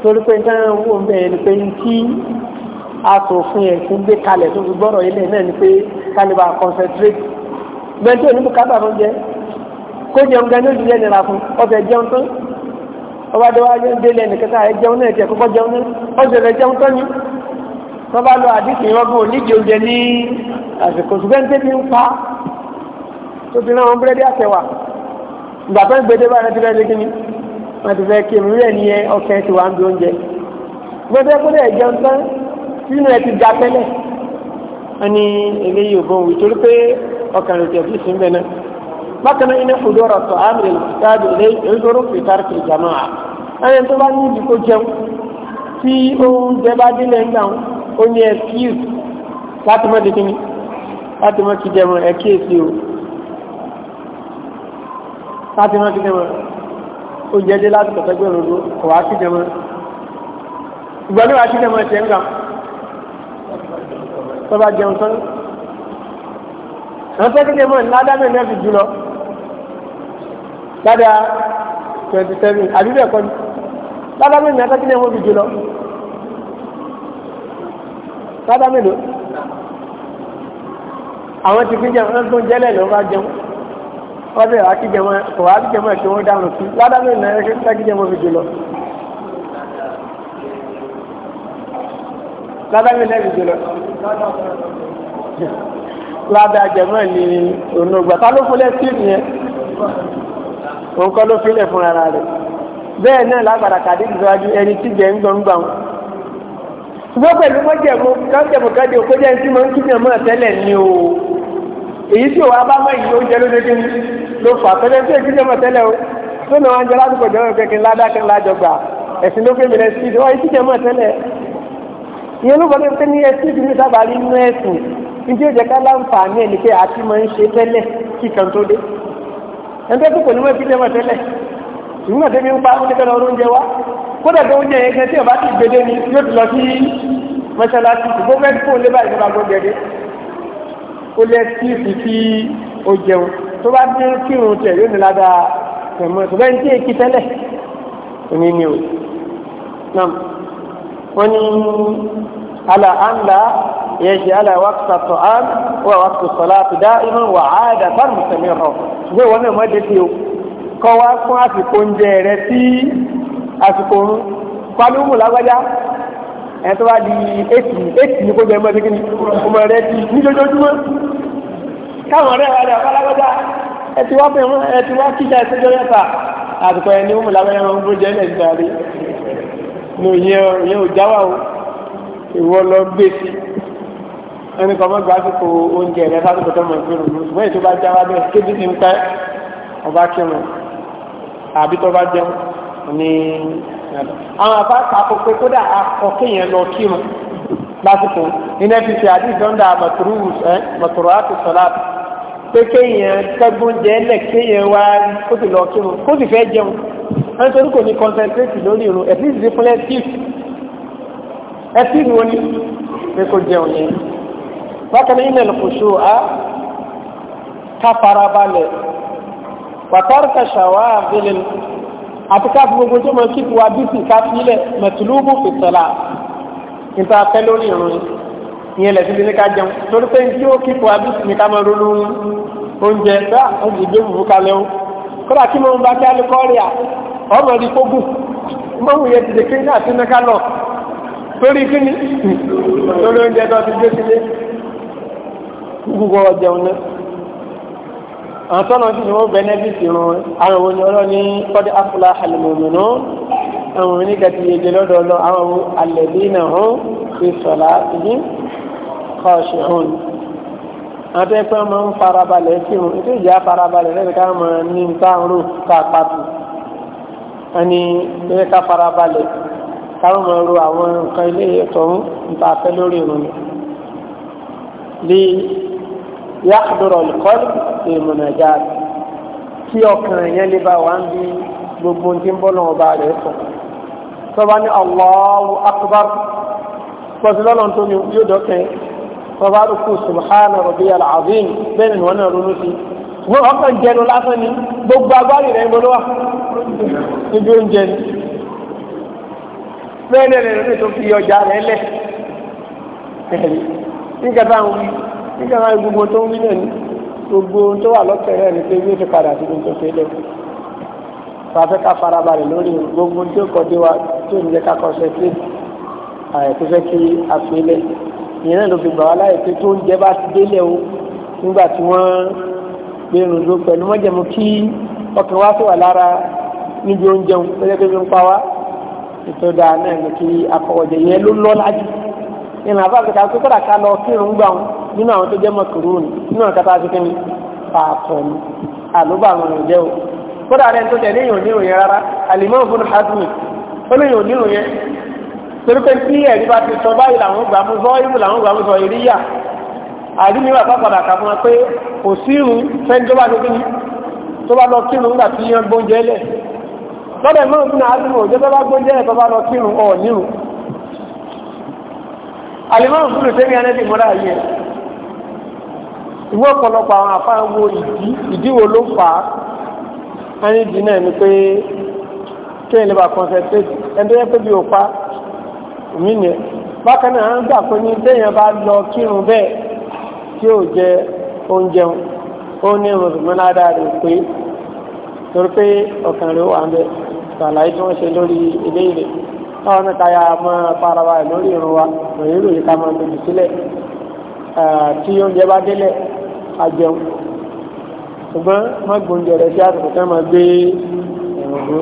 torí pé nǹkan wò ń bẹ̀rẹ̀ ni pé ń kí asòfin ẹ̀ tó gbé kalẹ̀ tó fi gbọ́rọ̀ ilẹ̀ náà ni pé kálíbà concentrate bẹ́ẹ̀ tí ò ní bùkátà fún jẹ kó jẹun gan ní òjijì ẹ̀ nira fún ọ̀fẹ́ jẹun tán ọba dọ́wọ́ ayé ń délé ẹnìkẹta ẹ jẹun náà ẹ̀kẹ́ kọ́kọ́ jẹun náà ọ̀sẹ̀ rẹ̀ jẹun tán ni wọ́n bá lọ àdìsí ìrọ́gbọ̀n oníjì oúnjẹ ní àsìkò ṣùgbọ́n tẹ́bí ń pa tó ti náà wọn búrẹ́dì àtẹ̀wà ìgbà tó ń gbé dé báyìí ti fẹ́ ṣe kíni wọn ti fẹ́ kí èmi rẹ̀ ní ọkẹ́ ti wà ń bí oúnjẹ gbọ́dọ̀ gbọ́dọ̀ ẹ̀jẹ̀ ń tán sínú ẹ ti ga tẹ́lẹ̀ wọn ni eléyìí ò bọ̀ wí torí pé ọkàn rẹ̀ tẹ̀sí sí bẹ́ẹ̀ náà bákan náà iná fòdó ọ̀rọ̀ tó àmì ìtàdé ilé ìdóró fìtàrí fi jàmọ́ à ẹni tó bá ní ìdíkó jẹun tí oúnjẹ bá délé ń dáhùn ó ní ẹkíyèsí láti mọ́ dikini láti mọ́ kí jẹun ẹkíyèsí o láti rántí jẹmọ́ oúnjẹ dé láti tọ̀tẹ́gbẹ̀ ròdó ọ̀wá sí jẹmọ́ ìgbọ́n níwá sí jẹmọ́ ẹ̀ṣẹ̀ ń gbà tó bá jẹun tán rántí jẹmọ́ ìládámẹ́ náà fi jùlọ dáadáa twenty seven àbí bẹ́ẹ̀ kọ́ ni dáadáa náà rántí jẹmọ́ fi jùlọ dáadáa mélòó àwọn ti fi jẹun tó ń jẹ́lẹ̀ lọ́wọ́ jẹun wọ́n bẹ̀rẹ̀ akíjẹmọ́ kò wá akíjẹmọ́ kí wọ́n dáhùn sí ládàbẹ̀ náà ṣe ń takíjẹmọ́ fi jù lọ. ládàbẹ̀ náà fi jù lọ. ládàjẹmọ́ ni onógbà ta ló fúnlẹ̀ sí ìyẹn òun kọ́ ló fílẹ̀ fún ara rẹ̀ bẹ́ẹ̀ náà lágbàdà kàdé ìsọ́wájú ẹni tí jẹ́ ń gbọ̀ngbà wọn. ṣùgbọ́n pẹ̀lú mọ́jẹ̀mú kájẹ̀mú kájẹ òkú jẹ́ ń tí mo ń kíjẹ̀ mọ́ tẹ́lẹ̀ ni o èyí tí òun abámọ́ yìí ó jẹ́ lóde kí ni ló fà tẹ́lẹ̀ tí èkìtì ọmọ tẹ́lẹ̀ o tó náà wọn jẹ lásìkò jọmọ kẹkẹ ládàkẹ lájọgbà ẹ̀sìn ló fẹ́mi rẹ sí ìdíwọ́ ìtìjẹ mọ̀ tẹ́lẹ̀ ìyẹn ló bọ́ pé ní ẹsìn ìdílé sábà rí inú ẹ̀sìn ìdí òjẹ ká láǹfààní ẹni pé àti máa ń ṣe tẹ́lẹ̀ kí kan tó dé ẹgbẹ́ tó kò ní mọ̀ ìtìjẹ mọ̀ tẹ́lẹ̀ ìmúmọ̀ tẹ́mi ń pa oníkẹ́lẹ̀ oúnjẹ wa kódà tó oúnjẹ yẹn kẹ́ tí ọba ti gbede ni yóò ti lọ sí mọ́ṣáláṣí tó gbọ́dọ̀ fóun lé báyìí tó bá gbọ́ gẹ̀dẹ̀ ó lẹ́ sí ìfì tí ó jẹun tó bá dé kírun tẹ̀ yóò ní lada. tẹ̀mọ́ tó bẹ́ẹ̀ ní tí èkì tẹ́lẹ̀ òní ni o nam wọ́n ní ala anla yẹsi ala wàkùtà tọ́án wà wàkùtà sọlá ti dá inú wà á dà tán mùsùlùmí rọ ṣùgbọ́n ìwọ náà mọ́tẹ́ tí o kọ́ wá fún àsìkò oúnjẹ rẹ sí àsìkò oorun pálíwùmù lágbájá ẹ̀ tó bá di eti eti ní kó jẹ́ mọ́tẹ́ kí ni ọmọ rẹ ti ní lójoojúmọ́ káwọn ọ̀rẹ́ wa rẹ ọ̀pálágbọ́dá ẹ ti wá bẹ̀rẹ̀ ẹ ti wá kíjà ìṣẹ́jọ́ mẹ́fà àtùkọ ẹni ó mú lábẹ́rẹ́ wọn bó jẹ́ lẹ́sìn àrí ní òye ìyẹn ò jáwà o ìwọ lọ gbé sí ẹni kan mọ́ gbásùkò oúnjẹ rẹ fásitì tó mọ̀ ìgbéró ṣùgbọ́n èyí tó bá jáwá bẹ́ẹ̀ kéde ti ń pẹ́ ọba kírun àbí tó bá jẹun ní àwọn àbá àkókò kódà ọkẹ́ yẹn lọ kírun lásìkò iná fi ṣe àdìsọ́ndà mọ̀tòrò àti sọ̀láàtì pé kéèyàn kẹ́gbọ́n jẹ́ lẹ̀ kéèyàn wá kó sì lọ kírun kó sì fẹ́ jẹun wọ́n torí kò ní concentrate lórí irun ẹ̀sì ìdí fúnlẹ̀ tíì ẹ̀sì ìwọ ni pé kó jẹun yẹn bákan náà ìmẹ̀lì kò ṣó a ká fara balẹ̀ wàtárùkà ṣàwá àbílẹ̀ àti ká gbogbo tó mọ kí wà bí sì ká sílẹ̀ mẹ̀tìlúbù fìtọ̀là nípa pẹ́ lórí irun yìí ìyẹn lẹ́sìn tí ní ká jẹun torí pé tí ó kíkọ abúlé ní ká máa ronú oúnjẹ bá oúnjẹ ìgbé òwú kalẹ̀ o kódà kí mo ń bá kí alukọ́rì à ọmọ di kógùn mọ́wù yẹn ti dèké ní àti níka lọ torí kí ni lórí oúnjẹ náà ti gbé sílé gbogbo ọjẹun náà àwọn tọ́nà tí wọ́n bẹ nẹ́bí sí irun àwọn òní ọlọ́ ní kọ́dé afúlá àlùmọ̀mọ́nà àwọn oníkàtí yege lọ́dọ̀ ọlọ́ àwọn alẹ́bí náà hàn fi sọ̀lá ìdí khashi'un àtẹ́pẹ́ máa ń farabalẹ̀ kírun ètò ìjà farabalẹ̀ lẹ́nu ká máa ní nǹkan àrùn ká pàtó ẹni lẹ́yìn ká farabalẹ̀ káwọn máa ro àwọn nǹkan ilé ẹ̀tọ́ ń ta fẹ́ lórí irun ni. lè yàgbọ́rọ̀ lùkọ́lù ìmùnà jáde kí ọkàn yẹn lè bá wà ń bí gbogbo tí ń bọ́ lọ́wọ́ bá rẹ̀ sọ. tó bá Allahu akbar pọ̀sí lọ́lọ́n tó yóò dọ́kẹ́ tọba rúkú subhana rabbiyal azim bẹ́ẹ̀ ni wọ́n náà ronú sí wọ́n ọkàn jẹnu lásán ni gbogbo agbárí rẹ̀ gbọ́dọ̀ wà níbi oúnjẹ ni bẹ́ẹ̀ lẹ́nu lórí tó fi ọjà rẹ̀ lẹ̀ nígbà táwọn wí nígbà táwọn gbogbo tó ń wí náà gbogbo tó wà lọ́tẹ̀ rẹ̀ ni pé bí ó ti padà sí tó ṣe lẹ̀ fàfẹ́ ká farabalẹ̀ lórí gbogbo tí kọ́ dé wa tí ò jẹ́ ká kọ́ ṣe pé àyẹ̀kú fẹ́ kí ìyẹn náà ló fi gbà wá láyè pé tó ń jẹ bá ti délẹ̀ o nígbà tí wọ́n gbẹrun ló pẹ̀lú mọ́jẹ̀mú kí ọkàn wá sí wà lára níbi oúnjẹ òun pé lẹ́gbẹ́ fi ń pa wá ètò ìdá náà ní kí akọ̀wọ̀jẹ̀ yẹn ló lọ́ lájú ìrìn àbá àti kàkó kọ́dà ká lọ kírun gbà wọn nínú àwọn tó jẹ́ mọ̀kúrún nínú àwọn kata àti kínní pààtọ̀ ni àlùbà àwọn ọ̀rọ̀ jẹ́ o kọ́dà rẹ̀ tó tẹ̀lé torí pé tí ẹ̀rí bá ti sọ báyìí làwọn gbà mú sọ ìlú làwọn gbà mú sọ ìríyà àdínníwà pápádà kà fún wa pé kò sí irun fẹ́ni tó bá lọ kí ni tó bá lọ kírun nígbà tí yan gbóúnjẹ lẹ̀ lọ́dọ̀ ìmọ̀ òfin àádùn òjò tó bá gbóúnjẹ lẹ̀ tó bá lọ kírun ọ̀ nírun àlèmọ́ òfin lè anẹ́bí mọ́ra yẹ ìwé ọ̀pọ̀lọpọ̀ àwọn àfáà ìdí ìdí ló fà á ẹni dì náà ni pé kéèyàn lè bá kọ́ńsẹ̀trétì ẹni tó yẹ pé bí ò pa mí ni bákan náà ń gbà pé ní téèyàn bá lọ kírun bẹ́ẹ̀ tí ò jẹ oúnjẹ ó ní mùsùlùmí ládàá rẹ̀ pé torí pé ọ̀kan rẹ̀ wà ń bẹ̀ sàlàyé tí wọ́n ṣe lórí ilé ìrè táwọn náà káyà máa fara wa lórí irun wa lórí ìròyìn ká máa tóbi sílẹ̀ tí oúnjẹ bá délẹ̀ a jẹun ṣùgbọ́n má gbóúnjẹ rẹ̀ sí àsìkò tí wọ́n máa gbé ẹ̀rùn dúró.